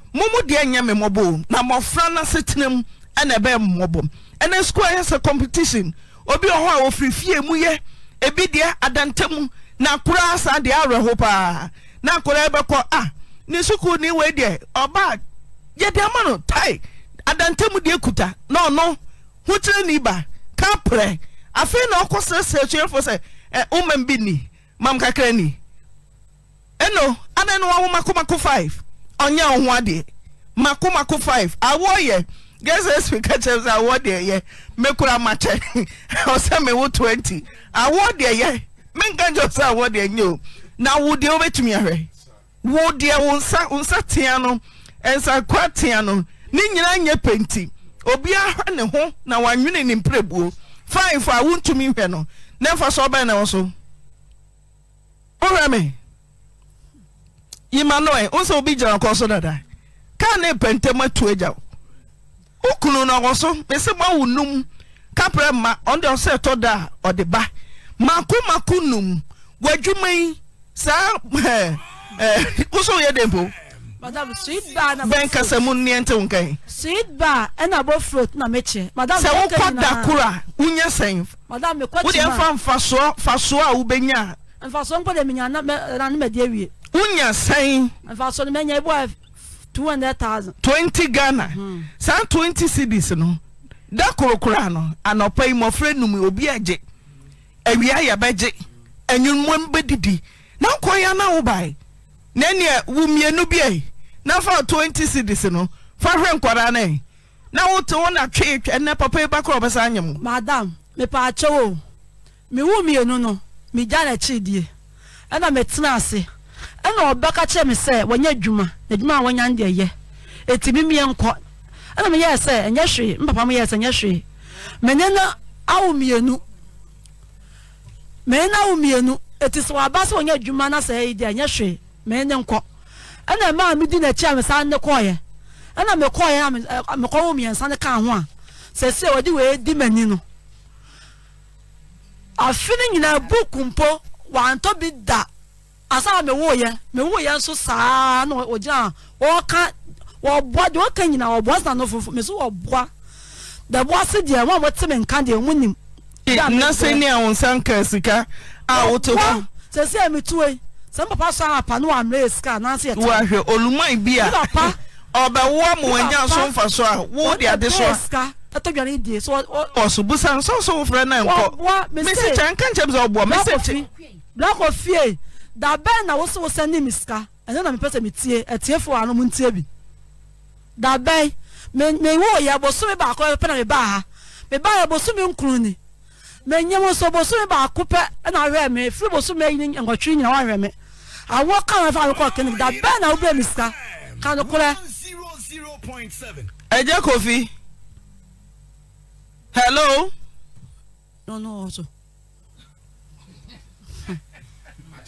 momu deɛ nyɛ me mmɔbɔo na mmɔfra no setenam ɛna ɛbɛyɛ mmɔbɔ ɛnɛ skul ayɛ sɛ competition obi wɔ hɔ a wɔfiri fie mu yɛ ebi deɛ adantamu na koraa saa deɛ awerɛho paa na koraa bɛkɔ a ah, ne sukuu ne wei deɛ ɔbaa yɛde ama no tae adantamu deɛ kuta na ɔno ho kyerɛ ne ba ka prɛ afei na ɔkɔ srɛsrɛ atuafoɔ sɛ ɛ woma bi ni mam kakra ni ɛno adan no wawoma komako five ɔnyɛ ọhụ adị adeɛ makomako 5 awoɔ yɛ gɛsɛ spika kyɛm sɛ awoɔ deɛ yɛ mɛkura makyɛ ɔsɛ 20 awoɔ deɛ yɛ menka nkyɛ sɛ awoɔ deɛ nyɛ o na wo deɛ wobɛtumi ahwɛ wo deɛ wo nsa wo nsa tea no nsakora tea no ne nyinaa nyɛ penti obiara hwɛ ne ho na wanwene ne mprɛbuo 5 a wontumi hwɛ no na mfa so ɔbɛn ne wo so wohwɛ me emmanuel n sɛ obi gyina kɔ so dada kaa ne pɛntɛm atu agya wo kunu na ɔwɔ so mesi ma wo num kaprɛ ma ɔno deɛ ɔsɛ ɛtɔ da a ba mako mako num wadwuma yi saa ɛɛ ɛɛ wosɔ yɛ de mpo. madam sweet bar na bɛn kasa mu nneɛ nte wo sweet bar ɛna bɔ fruit na mekye. madam sɛ wokɔ da kora wonya sɛn. madam mekɔ kyima wodeɛ mfa mfasoɔ fasoɔ a wobɛnya. mfasoɔ nkɔ de menya na mɛ na ne mɛ de awie. wonya sɛn twenty ghana hmm. saa twenty cidies no da korokora no anɔpa yi mmɔfra num obi agye awia yɛbɛgye anwummam didi. na ya na wo bae na nneɛ na fa twenty no fa hwɛ nkwadaa na wote na twee ɛnɛ papa yi bakora ɔbɛsa anyɛ mu madam mepaakyɛ o mewo mmienu no megya n'akyi die ɛna ase ɛna ɔbɛka kyerɛ me sɛ wɔnyɛ adwuma adwuma a wɔnya deɛ yɛ ɛtumi miɛ nkɔ ɛna meyɛɛ sɛ ɛnyɛ hwee mpapa mo yɛɛ sɛ ɛnyɛ hwee menye no awo mmienu menye no awo mmienu ɛti sɛ wɔaba sɛ wɔnyɛ adwuma na sɛ ɛyi deɛ ɛnyɛ hwee menye ne nkɔ ɛna mmaa mi di n'akyi a me saa ne kɔɔyɛ ɛna me kɔɔyɛ a me kɔɔ wo mmiɛnsa ne kaa ho a sɛ sɛ wɔde wɔyɛ di m'ani no afe ne nyinaa buuku mpo wantɔ bi da asa mewo yɛ mewo yɛ nso saa na ogyina ɔka wɔboa deɛ ɔka nyinaa ɔboa sa no fufu meso wɔboa dɛboa se deɛ wɔn a wɔte me nka deɛ wɔn nim. Eh, na ni àwọn nsa nka sika a wotɔ ho. sɛsi ɛmi tuwe sɛ papa so apa no wa mmerɛ sika anaasɛ yɛ ta. wahwɛ oluman bi a ɔbɛwoa mu wanya so nfa so a wɔde ade so a. ɛtɔ dwane die so ɔso busa nsonso wofrɛ na nkɔ mesi kyɛn nka nkyɛn bi sɛ ɔboa mesi kyɛn. black of fear da na wosowo sɛ ne mi sika ɛno na mepɛ sɛ metie atiefo ano mu ntie bi da bɛn wo yɛ bosome baako pɛ na mebaa ha ba yɛ bosome nkuru ni menyam nso bosome baako pɛ ɛna awɛ me firi bosome ayi nkɔtwi nyina wahwɛ me awɔ kan fa mekɔ klinik da bɛn na wobɛ mi sika ka no korɛ ɛgya kofi hello no no also.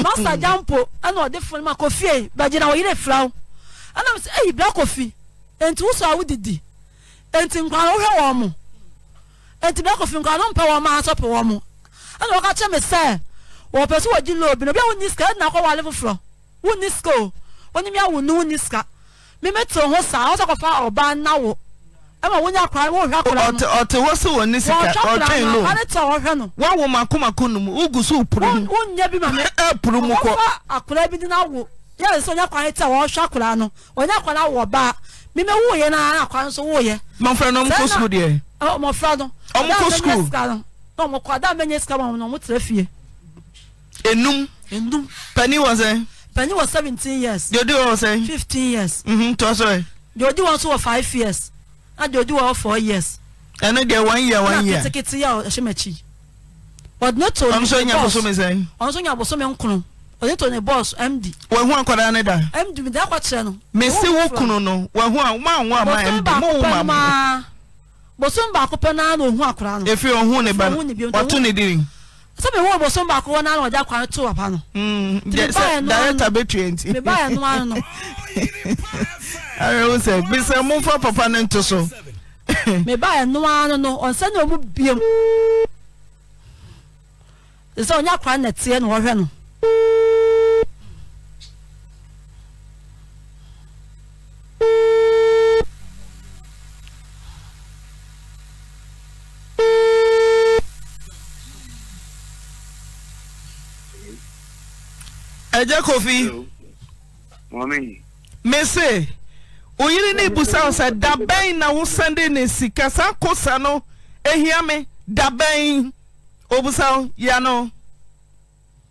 masa hmm. jampo ɛna ɔde funu ma kofi yi bɛgyina ɔyere fila wo ɛna mo sɛ eyi bla kofi nti wosɔ awo didi nti nkwan wohwɛ wɔn mo nti bla kofi nkwan no mpɛ wɔn ma asɔpɛ wɔn mo ɛna wɔka kyɛ mi sɛ wɔpɛ so wɔgyi loobi na obi a wɔn ni sika ɛna akɔ wɔale foforɔ wɔn ni sika o wɔn ni mi awo nu wɔn ni sika mímɛ tiri ho saa ɔsɛ kɔfa ɔbaa nawo ɛma wonya akora no wohwɛ akora no ɔte hɔ sɛ wɔne sika ɔtwɛn lo ane tɛ ɔhwɛ no woawo makomako no mu wogu so wopuru mu wonya bi mame apuru mu kɔ akora bi de no awo yɛre sɛ ɔnya akora tɛ wɔhwɛ akora no ɔnya akora wɔ baa meme woyɛ no ana akora no so woyɛ mɔmfra no ɔmokɔ sukuu deɛ mɔfra no ɔmokɔ sukuu na ɔmokɔ ada mɛnyɛ sika ma no ɔmotrɛ fie enum enum pani wɔ sɛn pani wɔ seventeen years deɛ odi wɔ sɛn fifteen years mhm, deɛ odi wɔ nso wɔ five years agye odi four years. ɛne deɛ one year one year. na ketekete yi a ɔhyɛ m'akyi ɔdini to ne bɔs ɔno nso nya bosome sɛn. ɔno nso nya bosome nkron ɔdini to ne bɔs md. wɔn ho akwadaa ne da. md mi da akɔ no. mesi wo kunu no wɔn ho a mo anwo ama md mo wo ma mo. bosom baako pɛ naa na ohun akwadaa no. efi ohun ne ba no ne diri. sọ mi wọ bosom baako wọn náà ọjà kwan tó wà pa no. Hmm, director bẹ twenty. mi ba yẹ nu ano no. ara o sẹ bisẹ mu fọ papa ne nto so. mi ba yẹ nu ano no ọsẹ ni ọmu biem. sọ ọnyá kwan nẹtiẹ na ọhwẹ no. ẹ jẹ́ kò fi. mese oyiri ne ibusa sɛ dabɛn na wo sande ne sika saa kosa no ehia me dabɛn obusa ya no.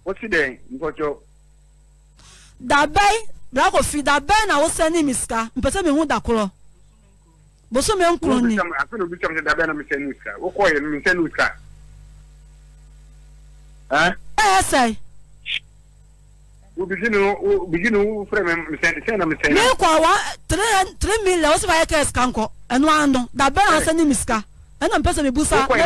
wosi dɛ nkɔtɔ. dabɛn lakofi dabɛn na wo sande mi sika mpɛsɛ mi hu dakorɔ bosome nkuro ni. asọ́nà obi sọ̀rọ̀ dabẹ́ na mi sẹ́ni ìsìkà O kọ́ yẹn mi sẹ́ni ìsìkà. ẹ ẹ sẹ́yìn mekɔ wa tre million wosi ma yɛ kɛ sika nkɔ ɛnu ano dabɛ ansa ni misika ɛna mpɛ sɛ mebu sa mɛ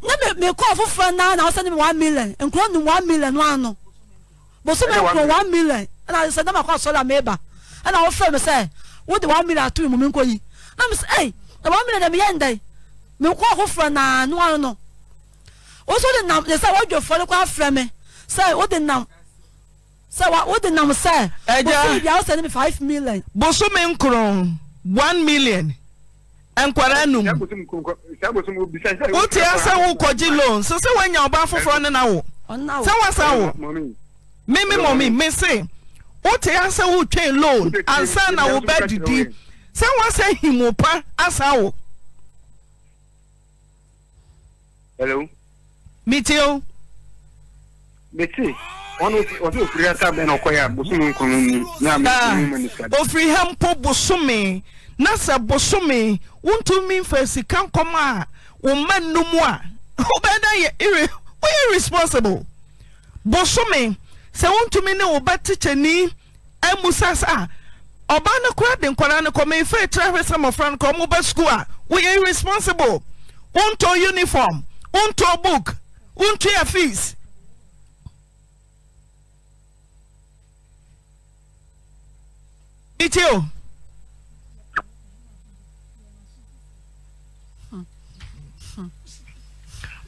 na mekɔ foforɔ naa na wosɛ ne me one million nkuro num one million no ano bosome nkuro one million ɛna sɛ dɛ makɔ asɔre a meba ɛna wofrɛ me sɛ wode one million ato me mu menkɔ yi na mesɛ ei 1 one million dɛ meyɛ ndɛn mekɔ foforɔ naa no ano no woso de nam de sɛ wodwofo no kɔ afrɛ me sɛ wode nam sɛ wode nam sɛ ɛgya bia wosɛ ne me five million bosome nkron one million nkwara num wote asɛ wokɔgye loan so sɛ woanya ɔba foforɔ ne na wo sɛ wasa wo meme mɔme me se wote asɛ wotwɛn loan ansa na wo ba didi sɛ woasɛ himo pa asa wo Hello mi ti o. mi ti wọn ọdún òfin yẹn sábẹ náà ọkọ yẹn abosomi nkùnrin ni ní àmì ìlú ah, mínísítà. òfin yẹn mpo bosomi na sẹ bosomi wúntúmí fẹ sika nkọm a wọn mma nnum a ọbẹ dá yẹ ire wọn yẹ responsible bosomi sẹ wúntúmí ne wọn bá tìkyẹ ní ẹmusasa ọbaa ne kura de nkwadaa ne kọmọ efe ekyirẹ ahwẹ sẹ mmọfra ne kọ ọmọ bẹ sukuu a wọn uniform wọn book. wontua fees itio you.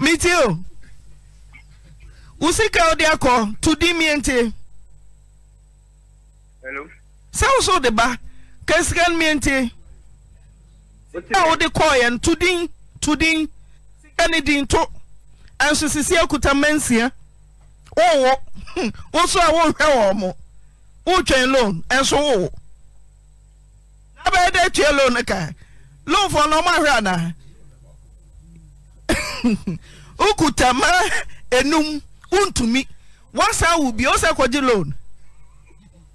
Meet you. wode akɔ to di mie nti sɛ wo so wode ba ka sika no mie koyen. a wode kɔɔyɛ no to din to din sika din to nso sisi ekuta mmansia wowɔ woso hmm, a wohwɛ wɔn mo wotwɛn loan nso wowɔ abɛyɛ dɛ etua loan ka loan fɔ na ɔmo ahwɛ ana wokuta ma enum wontumi wasa awu bi ɔsɛ kɔgye loan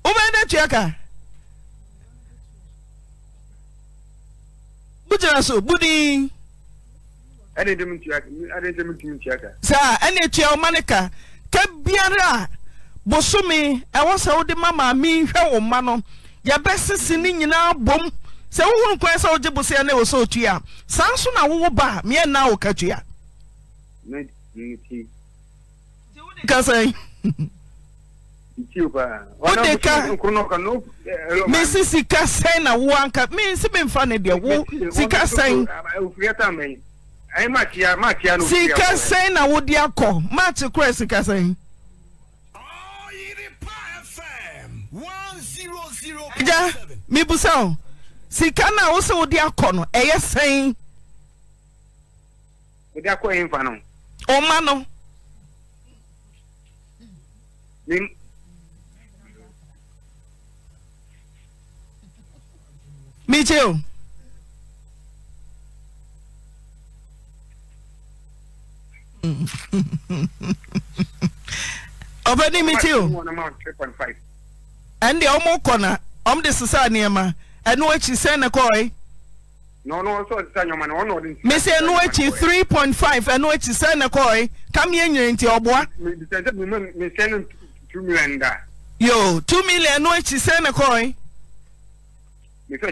wobɛyɛ dɛ etua ka wogyina so budin ɛne ntumi ntua ka. saa ɛne tua ɔma ne ka ka biara a bosome ɛwɔ sɛ wode ma maame nhwɛ wo mma no yɛbɛsisi ne nyinaa bom sɛ wohunu kwan sɛ wogye boseɛ na ɛwɔ sɛ otua saa nso na wowɔ ba a meɛ na wo ka tua kasɛn wode ka mesi sika sɛn na woanka mensi memfa ne deɛ wo sika sɛn ɛyɛ maaki ya maaki ya na o di akɔ. sika sɛn na wodi akɔ maaki kura sika sɛn. ja mibusa o sika na o sɛ wodi akɔ no ɛyɛ sɛn. wodi akɔ yɛ nfa no. ɔma no. Nim. Michel. ọbẹni mi ti o ẹn deɛ ɔmo kɔ na ɔmo de sisa nneɛma ɛnu ekyi sɛn na kɔɔ yi. mesi ɛnu ekyi three point five ɛnu ekyi sɛn na kɔɔ yi kam yɛ nyere nti ɔboa. yo two million ɛnu ekyi sɛn na kɔɔ because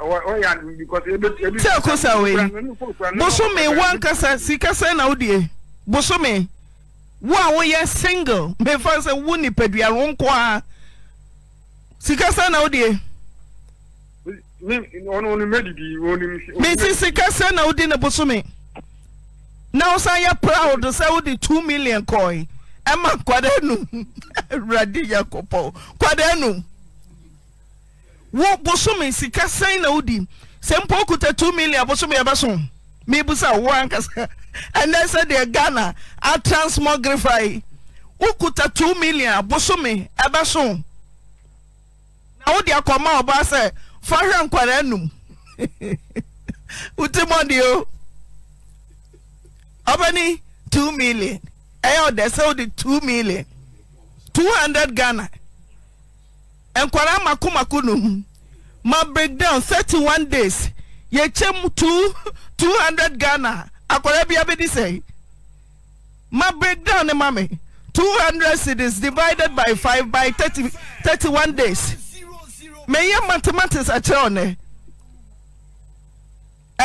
oh, oh, because ebi ebi. tí a kó sa wei bosome kasa ankasa sikasa na o die bosome wo a woyɛ single mmefa sɛ wo nipadua ro nko a sikasa na o die. ɔno ɔno medidi ɔno. mesi sikasa na o di na bosome na san yɛ proud sɛ o di two million kɔɛ ɛma kwada nu awurade yɛ kɔpɔ kwada nu. wo bosome sika say na wodi sɛ mpo okuta 2 million bosome Me busa wo ankasa ɛnɛ said, deɛ ghana atransmogrify wokuta 2 million bosome ɛbɛso na wode akɔma ɔbaa se fa hwɛ nkwara anum wotimɔde o ɔbɛni 2 million ɛyɛ ɔdɛ sɛ wode 2 million 200 ghana and mako Kumakunum. no ma breakdown thirty one days chem two two hundred ghana Akorebi abedi abɛdi sɛ ma breakdown ne two hundred cities divided by five by thirty thirty one days mɛyɛ mathematics akyerɛ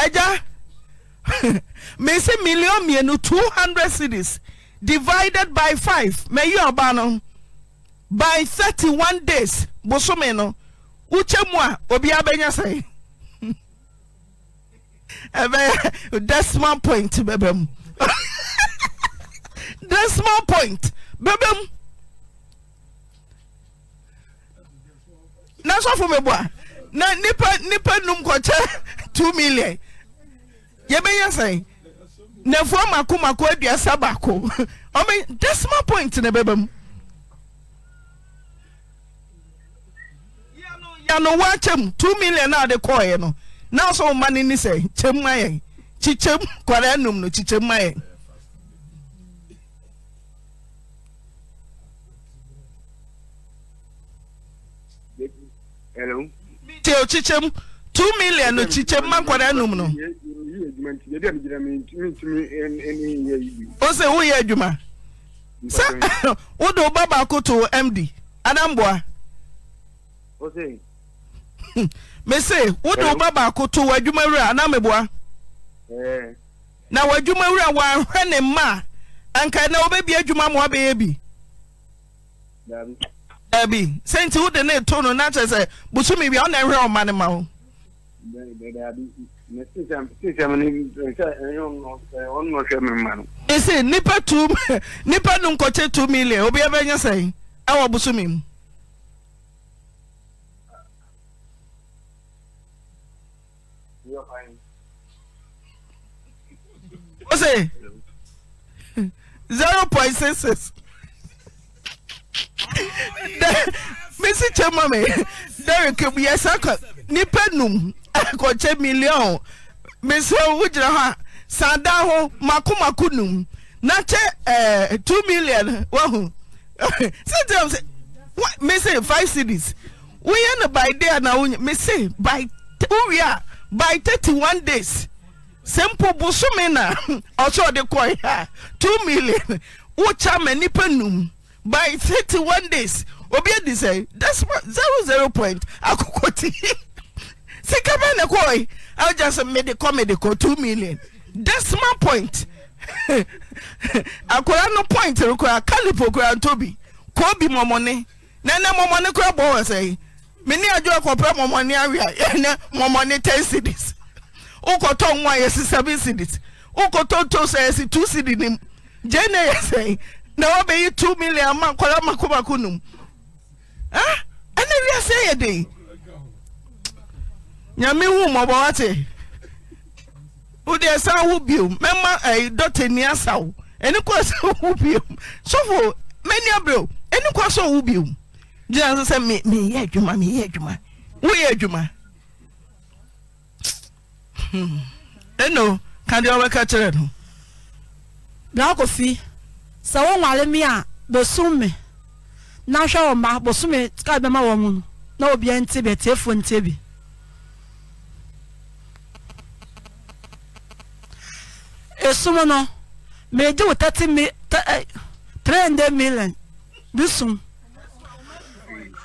Eja. May mɛsi million mmienu two hundred cities divided by five May you abandon by 31 days bosome no wokyɛ mu a obiaa bɛnya sɛe ɛbɛyɛ small point bɛbɛ mu small point bɛbɛ mu na sɔfo mɛbo a na nipa nipa num kɔkyɛ 2 million yɛbɛnya sɛe nafuɔ mako mako aduasa baako ɔmɛ small point na bɛbɛ ɔnya no wa kyɛm two million a ɔde kɔɔɛ no na ɔsɔ ɔma ne ni sɛ kyɛm ma yɛn kyikyɛm kɔrɛ num no kyikyɛm ma yɛn. Hello. Tí o kyikyɛm two million no kyikyɛm ma nkɔrɛ num no. O sɛ woyɛ adwuma. Sɛ wode wo ba baako to MD Adamboa. Hmm. mese wode wo ba baako to w'adwuma wura anaa meboa eh. na w'adwuma wura wɔanhwɛ ne mma anka na wobɛbi adwuma ma wabɛyɛ bi daabi sɛ nti wode ne to no na kyerɛ sɛ bosome wia wona nhwɛ ɔma ne ma wo ɛsɛ nipa tu nipa no nkɔkyɛ 2 million obiabɛnyɛ sɛn ɛwɔ bosome mu ó sè zero point six six mesi kye ma mi be a kɔ nipa num Got million mesi a sada ho makomako num na kyɛ ɛɛ eh, two million wahu sitere sɛ wɔ five cities end up by there now. Miss mesi by We are by thirty one days simple busumina also the coin two million which are many penum by 31 days obedi say that's zero zero point akukoti sika mene koi i just made the comedy two million that's my point akura no point require calipo kura ntobi kobi momone nene momone kura bowa say mini ajua kwa pre momone area momone 10 cities wokɔtɔ nwa yɛsi seven cedis wokɔtɔ tosa yɛsi two cedi nim gye yɛ sɛn na wɔbɛyi two million ama nkɔla makomako nom ɛne wiase yɛ den nyame hu mmɔbɔ wate wodeɛ san wo biom mɛma ɛi eh, dɔta ni asa wo ɛne kɔ sɛ wo biom sofo mani abrɛ ɛne kɔ sɛ wo biom gyina so sɛ meyɛ adwuma meyɛ adwuma woyɛ adwuma eno ka ndị ọbaka kyerɛ no bịa kofi sɛ wo nwale mi a besom me na hwɛ wo mma bosome ka bɛma wɔ mu no na obia nti bɛ tiefo ntie bi esum no meegye wo thirty mi eh, three hundred million bi sum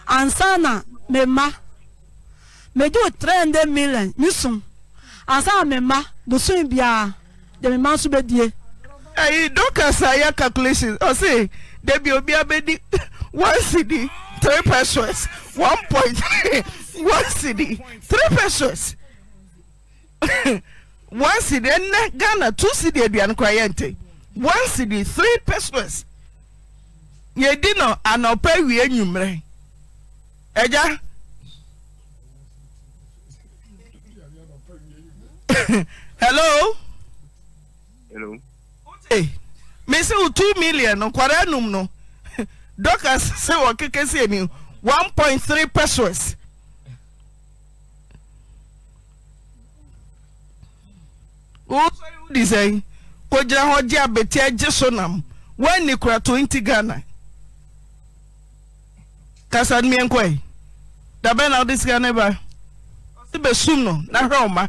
ansana mema meegye wo three hundred million bi sum. ansa me mma bosom biara de me mma nso bɛdie ayi eh, doctors ayɛ calculation ɔse oh, debi obi abɛdi one cd three pesos one point one cd three pesos one cd ɛnɛ ghana two cd aduane kora yɛ nte one cd three pesos yɛdi no anɔpa wie nwummerɛ ɛgya hello. hello. Hey, mesi say two million nkwadaa num no doctors sɛ wɔ keke say eni one point three pesos. wosɔre wodi sɛn kogyina hɔ gye abeti agye so nam woani kura twenty ghana kasa mmiɛnkɔe dabɛ na wode sika ne ba ɔse bɛsum no na hwɛ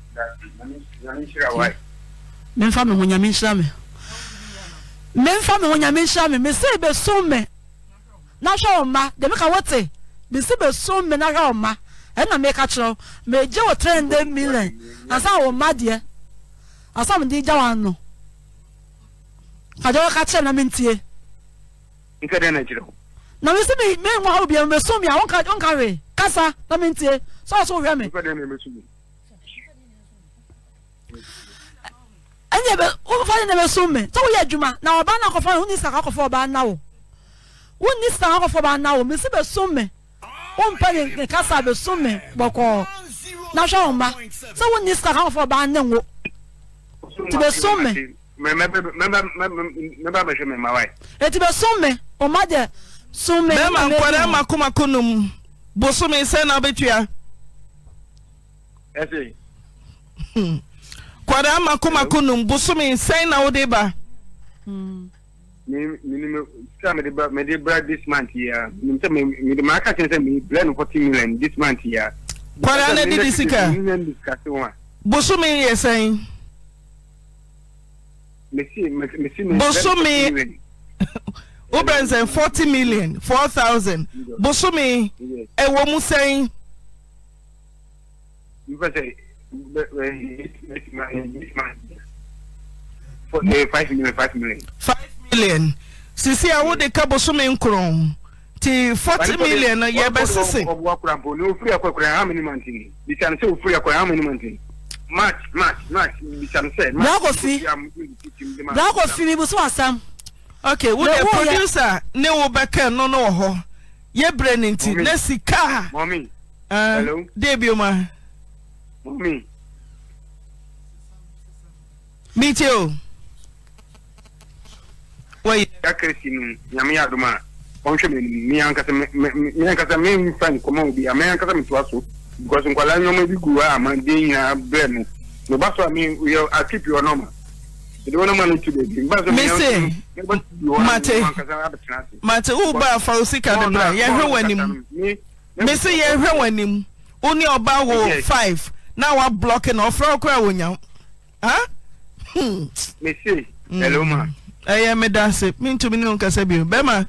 memfa me ho nyame nhyira me memfa me ho nyame nhyira me mese bɛsom me na hwɛ wo mma deɛ meka wote mese bɛsom me na hwɛ wo mma ɛna meka kyerɛ megye wo trɛndɛ million ansa wo mma deɛ ansa mede gya wo ano kagya woka kyerɛ na mentie na mese menwa wo bia mebɛsom me a wonka hwee kasa na mentie sɛ wo so wohwɛ me ɛnna bɛ wofa ne na bɛ sun mɛ sɛ woyɛ juma na ɔbaa na akɔfɔ wo ni sika akɔfɔ ɔbaa na wo wo ni sika akɔfɔ ɔbaa na wo mesi bɛ sun mɛ wo mpɛ ne ne kasa bɛ sun mɛ bɔkɔɔ na hwɛ wɔn ba sɛ wo ni sika akɔfɔ ɔbaa na wo ti bɛ sun mɛ. mɛba bɛhwɛ mɛ mma wa ye. eti bɛ sun mɛ ɔma de sun mɛ. bɛɛma nkɔdɛ ma komako nom bosomi sɛ na bɛ tuya. ɛsɛ kwadaa makomako num bosome nsɛn na wode ba hmm. sika mede ba mede bra this month yia nim mede maaka kyerɛ sɛ mebrɛ no forty million this month yia kwadaa na didi sika bosome yɛ sɛn bosome wobrɛ nsɛn forty million four thousand bosome ɛwɔ mu sɛn mpɛ sɛ five million five million. five sisi a wode ka bosome nkoron ti forty million na yɛ bɛ sisi. how many months ni bisani march march march bisani sɛ. dakosi dakosi ni busu asam. ok wo de producer ne wo bɛka no no wɔ hɔ yɛ brɛ ne nti ne sika. mɔmi. Eh, hello. deebi o ma mọ́mí. mi tí o. wọ́n yẹ. kakirisi nu nyame yà dùn a wọ́n hwẹ́ mi mi ankasa mi ankasa mi nfa nkɔmɔ obi a mi ankasa mi to aso because nkwalaa nneɛma bi gu hɔ a ma den nyinaa brɛ mu ne ba so a mi yɛ akipi ɔnɔ ma ɛdi wɔn ma ne tu beebi n ba so mi yɛ ne ba tu bi hɔ a mi ankasa mate wo ba afaw sika de bra yɛhwɛ wɔ anim mesi yɛhwɛ wɔ anim wo ne ɔba wo five na wa blɔki na ɔfrɛ ɔkora wonyam ha. mesi. hello ma. ɛyɛ hmm. eh, mi da se mi ntumi ni nkasa bi o bɛɛ